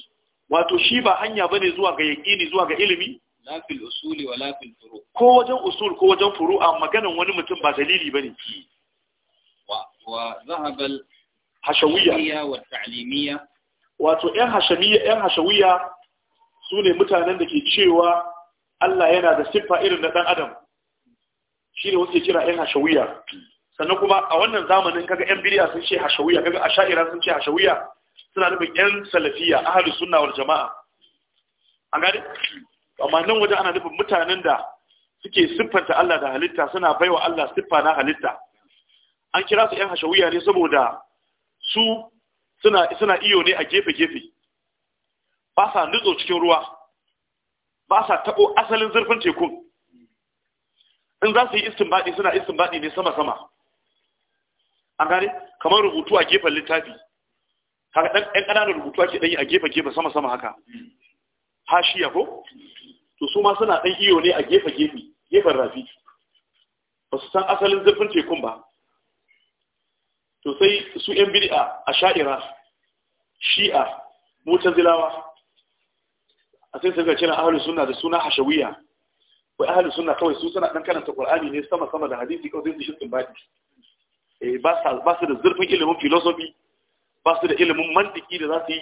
wato shi ba hanya bane zuwa ga yaqini zuwa ga ilimi la fil usuli la fil furu ko wajen usul ko wajen furu a maganan wani mutum ba dalili bane wa wa zahaba al-hashawiyya wa ta'limiyya wato ƴan hashawiyya ƴan hashawiyya sune mutanen da ke cewa Allah yana da siffa irin na dan adam shine wanda ke kira ƴan hashawiyya sannan kuma a wannan zamanin kaga yan bidiya sun ce hashawiyya kaga asha'ira sun ce hashawiyya suna nufin yan salafiya ahalus sunna wal jama'a an gane amma nan wajen ana nufin mutanen da suke siffanta Allah da halitta suna baiwa Allah siffa na halitta an kira su yan hashawiya ne saboda su suna suna iyo ne a gefe gefe ba sa nutso cikin ruwa ba sa tabo asalin zurfin tekun in za su yi istinbadi suna istinbadi ne sama sama an gane kamar rubutu a gefen littafi kaga dan ɗan ƙananan rubutu ake ɗanyi a gefe-gefe sama-sama haka hashiya ko to su ma suna ɗan iyo ne a gefe-gefe gefen rafi ba su san asalin zurfin tekun ba to sai su yan bid'a a sha'ira shi'a Zilawa. a sai sai ce na ahli sunna da suna hashawiya wai ahli sunna kawai su suna dan karanta qur'ani ne sama sama da hadisi kawai sai su shi tsimbadi eh ba su da zurfin ilimin philosophy ba su da ilimin mantiki da za su yi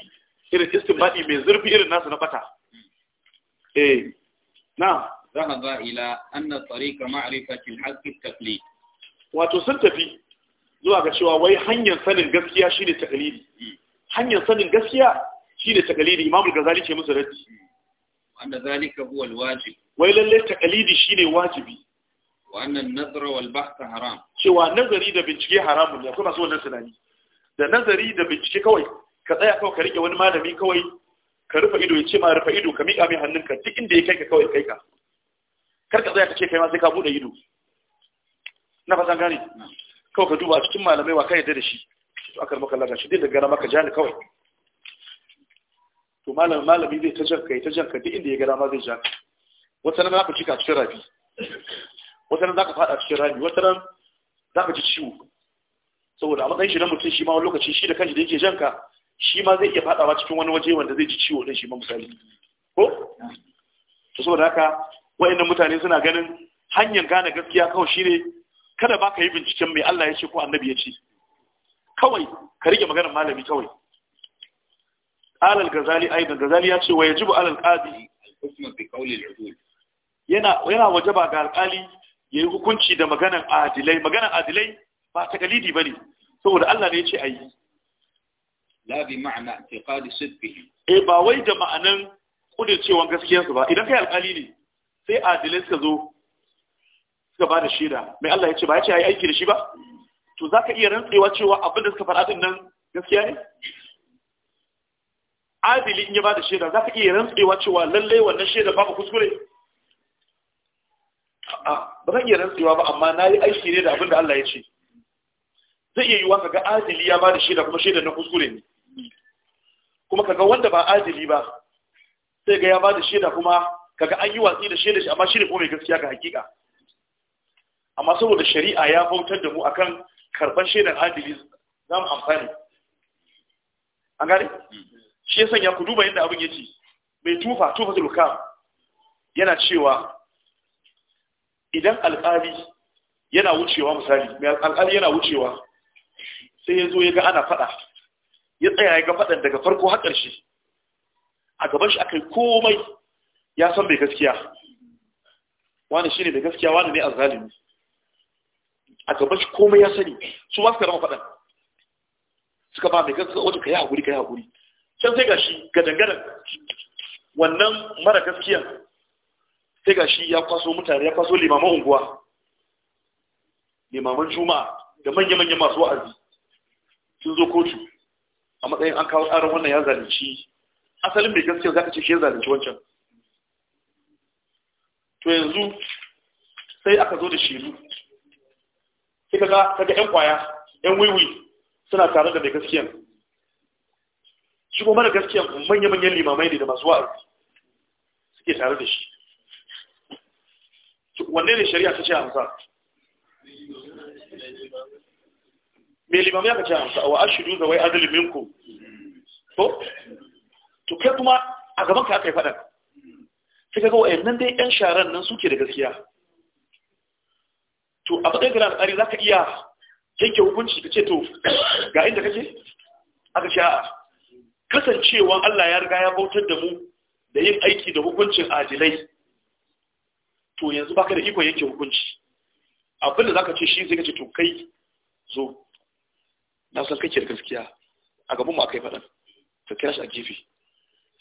irin istinbadi mai zurfi irin nasu na bata eh na zahaba ila anna tariqa ma'rifati al-haqq at-taqlid wato sun tafi zuwa ga cewa wai hanyar sanin gaskiya shine taqlidi hmm. hanyar sanin gaskiya shine taqlidi imam al-ghazali ce musu raddi wanda zalika huwa al-wajib wai lalle taqlidi shine wajibi Wannan anna an-nazra wal-bahth haram cewa nazari da bincike haramun ne akwai masu wannan tunani da nazari da bincike kawai ka tsaya kawai ka rike wani malami kawai ka rufe ido ya ce ma rufe ido ka miƙa mai hannunka duk inda ya kai ka kawai kai ka kar ka tsaya ka ce kai ma sai ka bude ido na fatan gane kawai ka duba a cikin malamai wa ka yarda da shi to aka maka lagashi shi dai daga maka jani kawai to malami malami zai ta janka ya ta janka duk inda ya gara ma zai ja wata nan zaka cika cikin rafi wata nan zaka fada cikin rami wata nan zaka ji ciwo saboda a matsayin shi na mutum shi ma wani lokaci shi da kanshi da yake janka shi ma zai iya fadawa cikin wani waje wanda zai ji ciwo din shi ma misali ko to saboda haka wayannan mutane suna ganin hanyar gane gaskiya kawai shine kada ba ka yi binciken mai Allah ya ce ko annabi ya ce kawai ka rike maganar malami kawai alal gazali aidan gazali ya ce wa yajibu alal qadi yana yana wajaba ga alqali yayi hukunci da maganar adilai maganar adilai ba ba bane saboda Allah ne ya ce ayi la bi ma'ana i'tiqadi sidqihi eh ba wai da ma'anan kudircewan gaskiyar su ba idan kai alƙali ne sai adilai suka zo suka ba da shaida mai Allah ya ce ba ya ce ai aiki da shi ba to zaka iya rantsewa cewa abin da suka faɗa din nan gaskiya ne adili in ya ba da shaida za ka iya rantsewa cewa lalle wannan shaida babu kuskure ba zan iya rantsewa ba amma na yi aiki ne da abin da Allah ya ce zai iya yiwuwa kaga adili ya ba da shaida kuma shaida na kuskure ne kuma kaga wanda ba adili ba sai ga ya ba da shaida kuma kaga an yi watsi da shaida shi amma shi ne kuma mai gaskiya ga hakika amma saboda shari'a ya bautar da mu akan karban shaidan adili za mu amfani an gane shi ya sanya ku duba yadda abin ya ce. mai tufa tufa zulkam yana cewa idan alƙali yana wucewa misali mai alƙali yana wucewa sai ya zo ya ga ana faɗa ya tsaya ya ga faɗan daga farko har ƙarshe a gaban shi kai komai ya san mai gaskiya wani shi ne mai gaskiya wani ne zalimi a gaban shi komai ya sani su ba su karama faɗan suka ba mai gaskiya wajen ka yi haƙuri ka yi haƙuri can sai ga shi gadangadan wannan mara gaskiya sai ga shi ya kwaso mutane ya kwaso limaman unguwa limaman juma'a da manya-manyan masu wa'azi sun zo kotu a matsayin an kawo tsarin wannan ya zalunci asalin mai gaskiya za ka ce shi ya zalunci wancan to yanzu sai aka zo da shiru sai ga ga yan kwaya yan wiwi suna tare da mai gaskiyan shi kuma mara gaskiyan manya-manyan limamai ne da masu wa'a suke tare da shi wanne ne shari'a ta ce hamsa mai limam ya kace amsa wa ashidu da wai adli minkum to to kai kuma a gaban ka kai fadan sai kaga wayannan dai yan sharan nan suke da gaskiya to a matsayin gara tsari zaka iya yanke hukunci ka ce to ga inda kace aka ce sha'a. kasancewan Allah ya riga ya bautar da mu da yin aiki da hukuncin ajilai to yanzu baka da iko yanke hukunci abinda da zaka ce shi sai ka ce to kai zo na san kake da gaskiya a gaban mu akai faɗan ka kira shi a gefe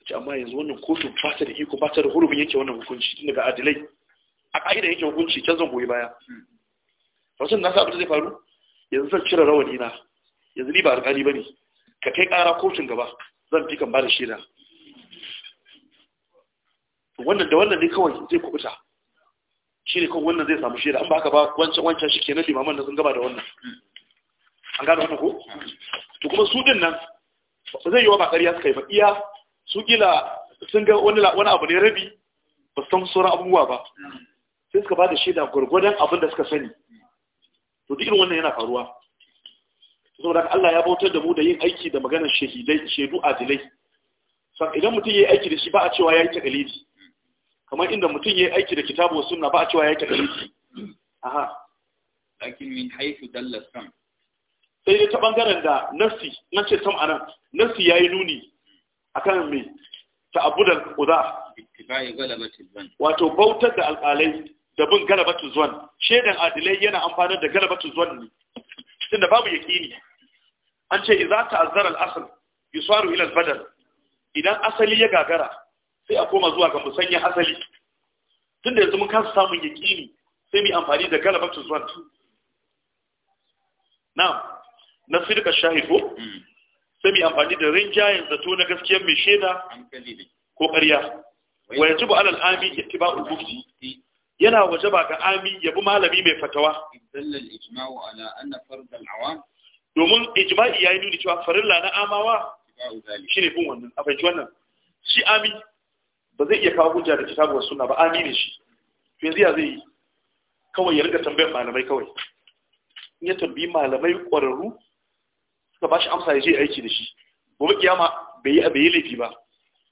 ce amma yanzu wannan kotun ba ta da iko ba ta da hurumin yake wannan hukunci tun daga adilai a ƙa'idar yake hukunci can zan goyi baya rashin na sa abin da zai faru yanzu zan cire rawani na yanzu ni ba alƙali ba ne ka kai ƙara kotun gaba zan fi kan ba da shaida wannan da wannan ne kawai zai kubuta shi ne kawai wannan zai samu shaida an ba ka ba wancan wancan shi kenan limaman da sun gaba da wannan an gano wannan ko to kuma su din nan ba zai yi wa ba ƙarya suka yi ba iya su kila sun ga wani wani abu ne rabi ba san sauran abubuwa ba sai suka ba da shaida gwargwadon abin da suka sani to duk irin wannan yana faruwa saboda Allah ya bautar da mu da yin aiki da maganar shahidai shaidu adilai san idan mutum yayi aiki da shi ba a cewa yayi takalidi kamar inda mutum yayi aiki da kitabu wa sunna ba a cewa yayi takalidi aha lakin min haythu dalla sam sai dai ta bangaren da nafsi nan ce sam anan nafsi yayi nuni akan me ta al-qudha ittifa'i wato bautar da alƙalai da bin galabatul zuwan, shedan adilai yana amfani da galabatul zuwan ne tunda babu yaqini an ce idza ta al-asl yusaru ila badal idan asali ya gagara sai a koma zuwa ga musanyen asali tunda yanzu mun kasa samun yaqini sai mu amfani da galabatul zuwan na'am na sirka shahid ko hmm. sai mai amfani da rinjayen zato na gaskiyar mai shaida ko ƙarya wa yajibu alal ami ba'u mufti yana waje ba ga ami ya bi malami mai fatawa domin ijma'i ya yi nuni cewa farilla na amawa shi ne bin wannan abinci wannan shi ami ba zai iya kawo hujja da kitabuwar suna ba ami ne shi yanzu ya zai yi kawai ya riga tambayar malamai kawai in ya tambayi malamai ƙwararru suka bashi amsa ya je aiki da shi gobe kiyama bai yi abai laifi ba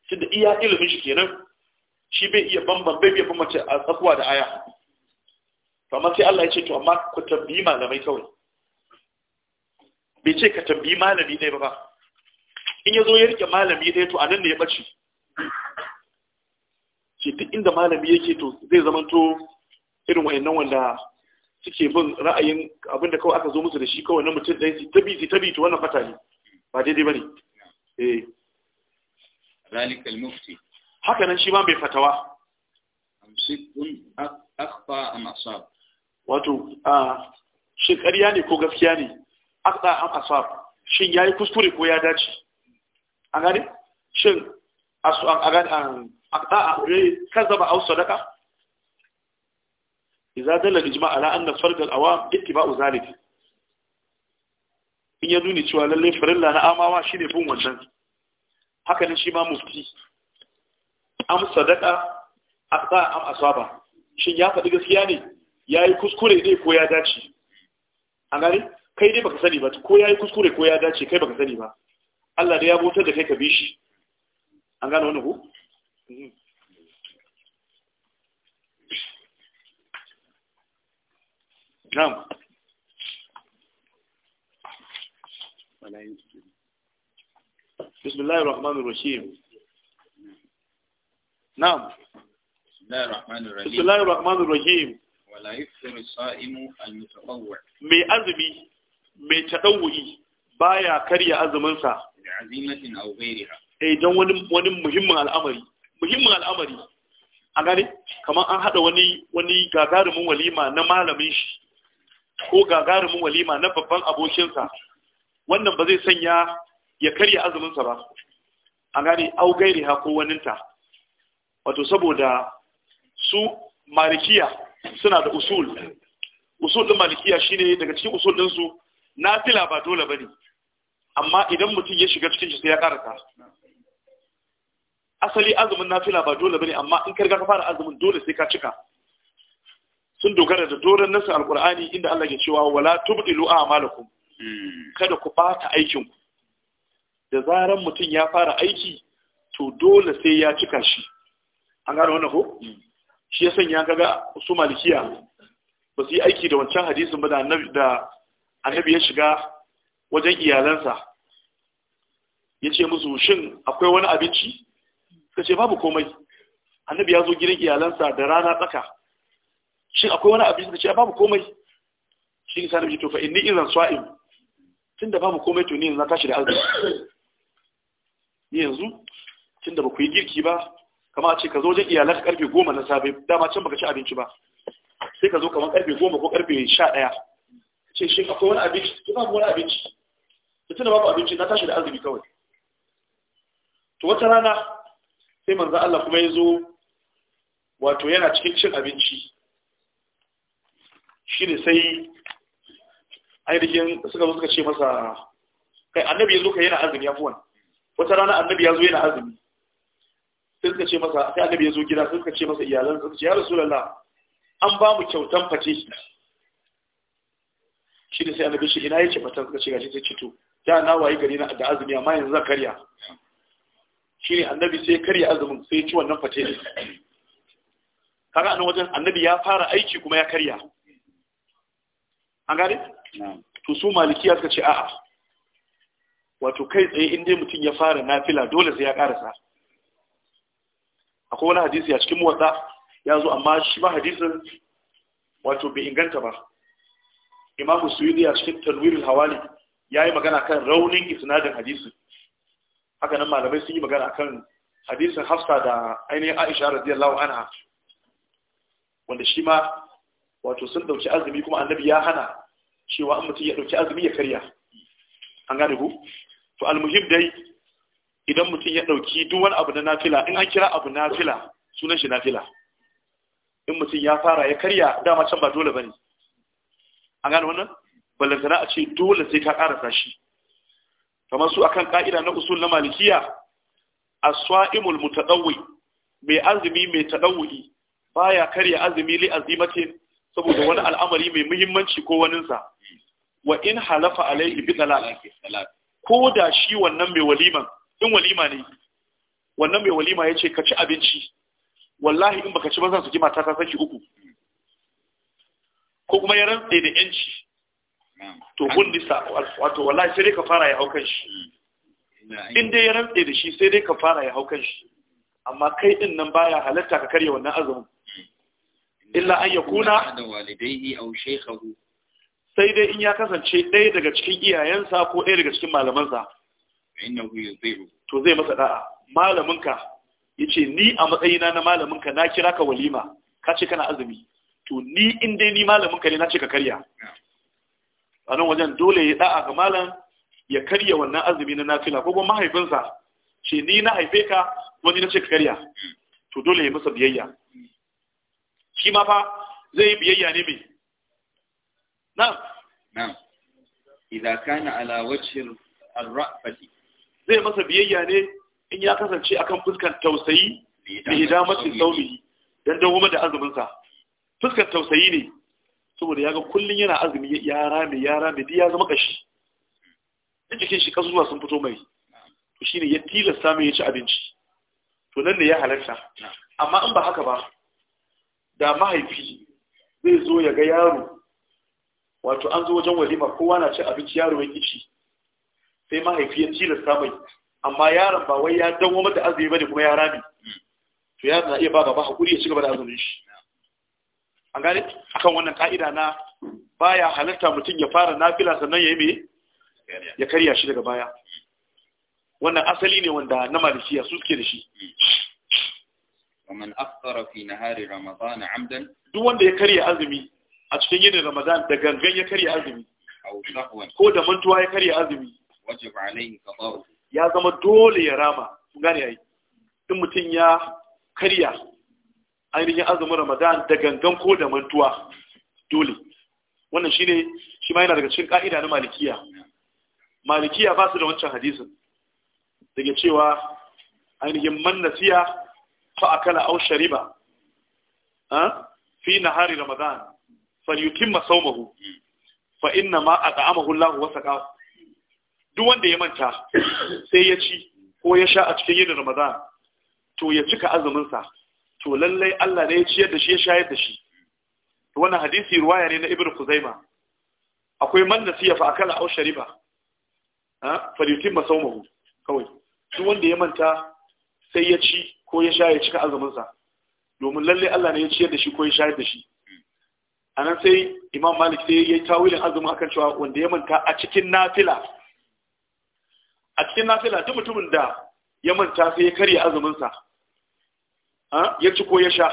tunda iya ilimin shi kenan shi bai iya bamban bai iya bambance a tsakuwa da aya to amma sai Allah ya ce to amma ku tambayi malamai kawai bai ce ka tambayi malami ɗaya ba ba in ya zo ya rike malami ɗaya to anan ne ya ɓace Ke duk inda malami yake to zai to irin wayannan wanda suke bin ra'ayin abin da kawai aka zo musu da shi kawai na mutum ɗaya su bi su bi ta wannan fata ne ba daidai ba ne eh haka nan shi ma bai fatawa wato a shi ƙarya ne ko gaskiya ne akhfa am asab shin yi kuskure ko ya dace an gane shin asu an gane an akhfa eh, kazzaba aw sadaqa idza dalla ijma ala anna fard al awam ittiba'u zalik in ya nuna cewa lalle farilla na amawa shine bin wannan haka ne shi ma mufti am sadaka aqta am asaba shin ya faɗi gaskiya ne yayi kuskure ne ko ya dace an gane kai dai baka sani ba ko yayi kuskure ko ya dace kai baka sani ba Allah da ya bautar da kai ka bi shi an gane wannan ko na'am Bismillahirrahmanirrahim. na'am wala sa'imu al yatawwa mai azumi mai tadawwi baya karya azumin sa aw eh wani wani muhimmin al'amari muhimmin al'amari a kamar an hada wani wani gagarumin walima na malamin shi ko gagarumin walima na babban abokinsa wannan ba zai sanya ya karya azuminsa ba a gane au gairi ha ko waninta wato saboda su malikiya suna da usul usul din malikiya shine daga cikin usul din su nafila ba dole bane amma idan mutum ya shiga cikin shi sai ya karanta asali azumin nafila ba dole bane amma in karga ka fara azumin dole sai ka cika sun dogara da doron nasu alkur'ani inda Allah ke cewa wala tubdilu a'malakum hmm. kada ku bata aikin ku da zaran mutum ya fara aiki to dole sai ya cika shi an gano wannan ko hmm. shi ya sanya kaga su malikiya ba su yi aiki da wancan hadisin ba da annabi da annabi ya shiga wajen iyalansa ya ce musu shin akwai wani abinci suka babu komai annabi ya zo gidan iyalansa da rana tsaka shin akwai wani abin da ce babu komai shi isa da to fa inni idan swa'im tunda babu komai to ni yanzu na tashi da azumi ni yanzu tunda ba ku yi girki ba kama a ce ka zo wajen iyalan karfe goma na safe dama can baka ci abinci ba sai ka zo kamar karfe goma ko karfe sha ɗaya ce shi akwai wani abinci to babu wani abinci da tunda babu abinci na tashi da azumi kawai to wata rana sai manzo Allah kuma ya zo wato yana cikin cin abinci shi ne sai ainihin suka zo suka ce masa kai annabi ya zo ka yana azumi afuwan wata rana annabi ya zo yana azumi sai suka ce masa sai annabi ya zo gida sai suka ce masa iyalan suka ce ya lalla. an ba mu kyautan fate shi ne sai annabi shi ina ce fatan suka ce gashi sai cito da na wayi gari na da azumi amma yanzu zan karya shi ne annabi sai karya azumin sai ci wannan fate ne kaga nan wajen annabi ya fara aiki kuma ya karya an gane to su malikiya suka ce a'a wato kai tsaye inda mutum ya fara nafila dole sai ya karasa akwai wani hadisi a cikin motsa ya zo amma shi ma hadisin wato bai inganta ba imamu suyudi a cikin tanwirin hawali ya yi magana kan raunin isnadin hadisin haka nan malamai sun yi magana kan hadisin hafsa da ainihin aisha radiyallahu anha wanda shi ma wato sun dauki azumi kuma annabi ya hana cewa an mutum ya dauki azumi ya karya an gane ku to almuhim dai idan mutum ya dauki duk wani abu na nafila in an kira abu nafila sunan shi nafila in mutum ya fara ya karya dama can ba dole bane an gane wannan ballantana a ce dole sai ka karasa shi kamar su akan ka'ida na usul na malikiya aswa'imul mutadawwi mai azumi mai tadawwi baya karya azumi li azimatin saboda wani al'amari mai muhimmanci ko waninsa wa in halafa alaihi bi talaq ko da shi wannan mai waliman in walima ne wannan mai walima yace ka ci abinci wallahi in baka ci ba zan saki mata ta saki uku ko kuma ya rantse da yanci to gundisa wato wallahi sai dai ka fara ya haukan shi hmm. in dai ya rantse da shi sai dai ka fara ya haukan shi amma kai din nan baya halatta ka karya wannan azumin illa an yakuna da aw shaykhahu sai dai in ya kasance ɗaya daga cikin iyayensa ko ɗaya daga cikin malamansa to zai masa ɗa'a. malaminka yace ni a matsayina na malaminka na kira ka walima ka ce kana azumi to ni in dai ni malaminka ne na ce ka karya a nan wajen dole ya ɗa'a ga malam ya karya wannan azumi na nafila ko mahaifinsa ce ni na haife ka wani na ce ka karya mm. to dole ya masa biyayya shi ma fa zai biyayya ne mai na'am na idan kana ala wajhi ar zai masa biyayya ne in ya kasance akan fuskar tausayi da hidamatin saumi dan goma da azumin sa fuskar tausayi ne saboda yaga kullun yana azumi ya rame yara rame ya zama kashi duk jikin shi kasuwa sun fito mai to shine ya tilasta mai ya ci abinci to nan ne ya halarta amma in ba haka ba da mahaifi zai zo ya ga yaro wato an zo wajen walima kowa na ci abinci yaro ya ci. sai mahaifi ya tilasta mai amma yaron ba wai ya dawo mata azumi bane kuma ya rami to yaron na iya ba gaba hakuri ya ci gaba da azumin shi an gane akan wannan ka'ida na baya halarta mutum ya fara nafila sannan ya yi me ya karya shi daga baya wannan asali ne wanda na malikiya su suke da shi ومن أفطر في نهار رمضان عمدا دو wanda ya karya azumi a cikin yin Ramadan da gangan ya karya azumi ko da mantuwa ya karya azumi wajib alayhi qada'u ya zama dole ya rama kun gane ai in mutum ya karya ainihin azumin Ramadan da gangan ko da mantuwa dole wannan shine shi ma yana daga cikin ka'ida na malikiya malikiya ba su da wancan hadisin daga cewa ainihin man nasiya Fa akala aw shariba ha fi nahari ramadan falyutimma sawmahu fa inna ma at'amahu Allah wa saqa duk wanda ya manta sai ya ci ko ya sha a cikin yin ramadan to ya cika azumin sa to lallai Allah ne ya ciyar da shi ya sha yadda shi to wannan hadisi ruwaya ne na ibnu kuzaima akwai man nasiya fa akala aw shariba ha falyutimma sawmahu kawai duk wanda ya manta sai ya ci ko ya sha ya cika azuminsa domin lalle Allah ne ya ciyar da shi ko ya shayar da shi a sai imam malik sai ya yi tawilin azumin akan cewa wanda ya manta a cikin nafila a cikin nafila duk mutumin da ya manta sai ya karya azuminsa ya ci ko ya sha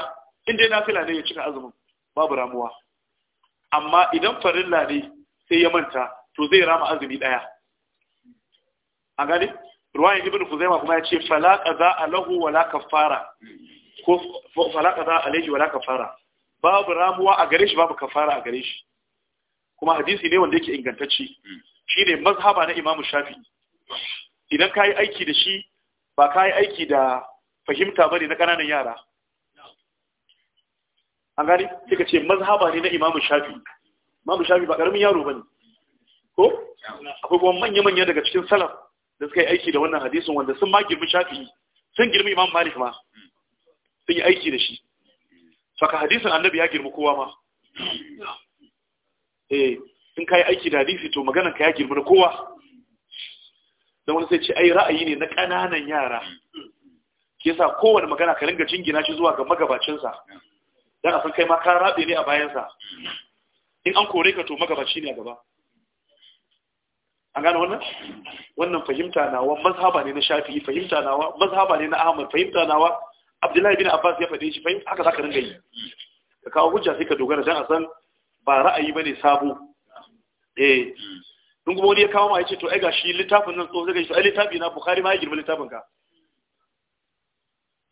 inda nafila ne ya cika azumin babu ramuwa amma idan farilla ne sai ya manta to zai rama azumi daya a gane ruwan ibn kuzaima kuma ya ce za qaza alahu wala kafara ko fala qaza alayhi wala kafara babu ramuwa a gare shi babu kafara a gare shi kuma hadisi ne wanda yake ingantacci shine mazhaba na imamu shafi idan kai aiki da shi ba kai aiki da fahimta bane na kananan yara an gani kika ce mazhaba ne na imamu shafi imamu shafi ba karamin yaro bane ko akwai kuma manya-manya daga cikin salaf da suka yi aiki da wannan hadisin wanda sun ma girmi shafi'i sun girmi imam malik ma sun yi aiki da shi faka hadisin annabi ya girmi kowa ma eh in ka yi aiki da hadisi to maganan ka ya girmi da kowa don wani sai ce ai ra'ayi ne na ƙananan yara ke sa kowane magana ka ringa jingina shi zuwa ga magabacinsa don a san kai ma ka rabe ne a bayansa in an kore ka to magabaci ne a gaba an gane wannan wannan fahimta nawa mazhaba ne na shafi'i fahimta nawa mazhaba ne na ahmad fahimta nawa abdullahi bin abbas ya faɗe shi fahimta haka zaka ringa yi ka kawo hujja sai ka dogara dan a san ba ra'ayi bane sabo eh dun kuma wani ya kawo ma ya ce to ai ga shi littafin nan tsohon zai ga ai littafi na bukhari ma ya girma littafin ka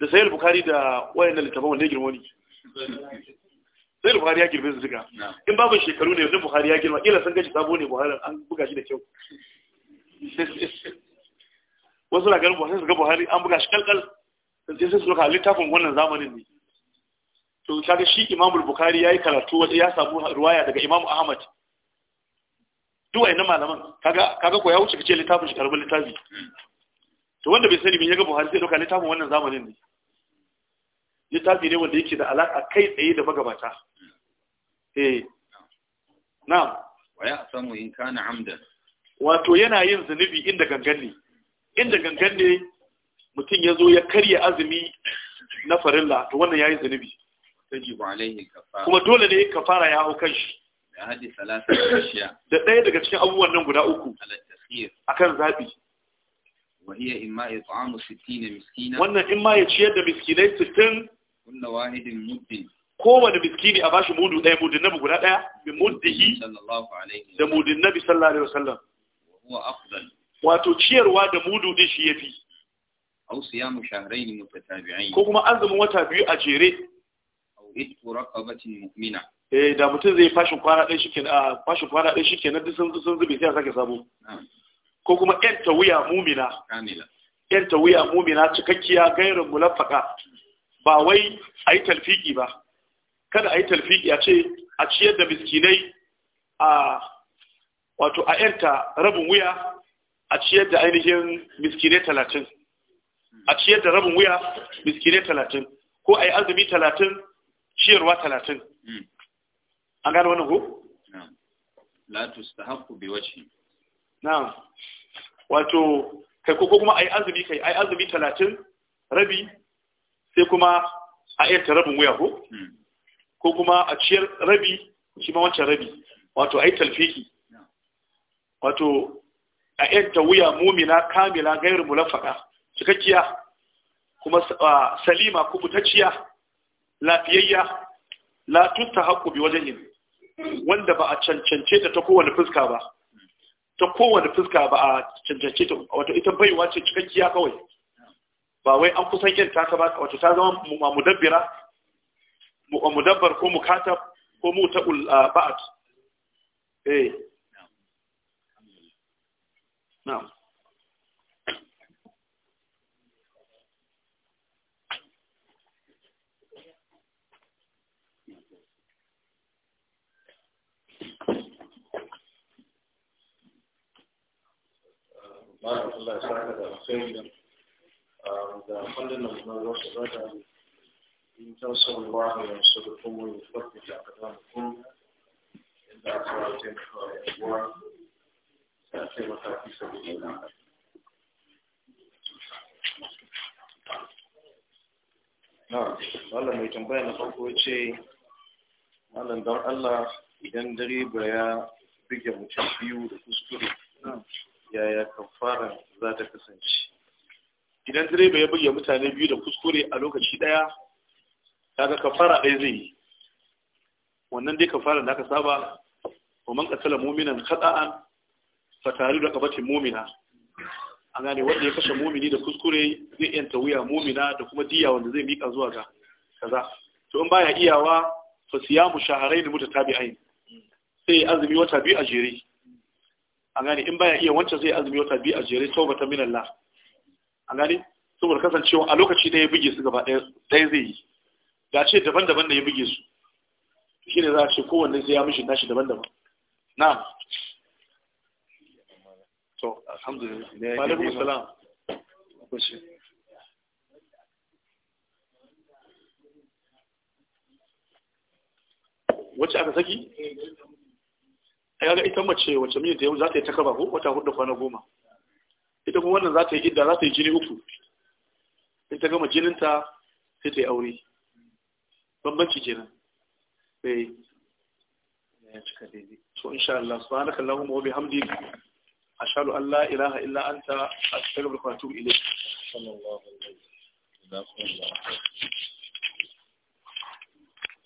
da sayar bukhari da wayannan littafin wanda ya girma ne sai buhari ya girbe su duka in babu shekaru ne yanzu buhari ya girma kila sun gaji sabo ne buhari an buga shi da kyau wasu na ganin buhari su ga buhari an buga shi kalkal sai sai su loka littafin wannan zamanin ne to kaga shi imamu bukhari yayi karatu wata ya samu ruwaya daga imamu ahmad duk wayannan malaman kaga kaga ko ya wuce kace littafin shi karbin littafi mm. to wanda bai sani me ya ga buhari sai doka littafin wannan zamanin ne littafi ne wanda yake da alaƙa kai tsaye da magabata eh. na'am wa ya samu in kana wato yana yin zunubi inda gangan ne inda gangan ne mutum ya zo ya karya azumi na farilla to wannan ya yi zunubi kuma dole ne ka fara ya hau kanshi da ɗaya daga cikin abubuwan nan guda uku akan zaɓi wannan in ma ya ciyar da miskinai sittin kullu wahidin muddin kowane miskini a bashi mudu ɗaya mudin nabi guda ɗaya bi muddihi da mudin nabi sallallahu alaihi wasallam afdal wato ciyarwa da mudu din shi yafi aw siyamu shahrayn mutatabi'ain ko kuma azumin wata biyu a jere aw itqu raqabatin mu'mina eh da mutum zai fashin kwana ɗaya shike a fashin kwana ɗaya shikenan duk sun sun zube sai a sake sabo ko kuma yan tawiya mumina kamila yan tawiya mumina cikakkiya gairin mulaffaka ba wai a yi talfiki ba kada a yi talfiki a ce a ciyar da miskinai a wato a yanta rabin wuya a ciyar da ainihin miskinai talatin a ciyar da rabin wuya miskinai talatin ko a yi azumi talatin ciyarwa talatin hmm. an gano wannan ko? la bi wato kai ko kuma a yi azumi kai a yi azumi talatin rabi sai kuma a ta rabin wuya ko hmm. ko kuma a ciyar rabi shi ma wancan rabi wato a yi talfiki wato a ta wuya mumina kamila gairu mulafaka cikakkiya kuma salima kubutacciya lafiyayya la tutta haƙƙu bi wajen wanda ba a cancance da ta kowane fuska ba ta kowane fuska ba a cancance ta wato ita baiwa ce cikakkiya kawai ba wai an kusan yin ta ba wato ta zama mudabbira mudabbar ko mukatab ko mutaqul ba'd eh na'am بارك الله يسعدك ويسلمك وإذا قلنا من الوصفات إن تنصروا الله mai tambaya na farko ce, Malam don Allah idan direba ya buge mutum biyu da kuskure, yaya kafara za ta kasance? idan direba ya buge mutane biyu da kuskure a lokaci daya daga kafara ɗaya zai yi wannan dai kafara da aka saba wa man qatala mu'minan khata'an fa da kabati mu'mina an gane wanda ya kashe mu'mini da kuskure zai yanta wuya mu'mina da kuma diya wanda zai mika zuwa ga kaza to in baya iyawa fa siyamu shahrayn mutatabi'ain sai azumi wata biyu a jere an gane in baya iya wancan zai azumi wata biyu a jere tawbatan min Allah an gani? saboda kasancewa a lokaci ɗaya buge su gaba ɗaya zai yi ga ce daban-daban da ya buge su shi ne za a ce kowanne sai ya mishi nashi daban-daban na to alhamdulillah malaikun salam wacce aka saki? a yaga ita mace wacce mijinta yau za ta yi ta kaba ko wata hudu kwana goma ita kuma wannan za ta yi idda za ta yi jini uku in ta gama jininta sai ta yi aure bambanci jinin bai eh. ya cika daidai so insha Allah subhanaka allahumma wa bihamdik A an allah ilaha illa anta astaghfiruka wa atubu ilayk sallallahu alaihi wa sallam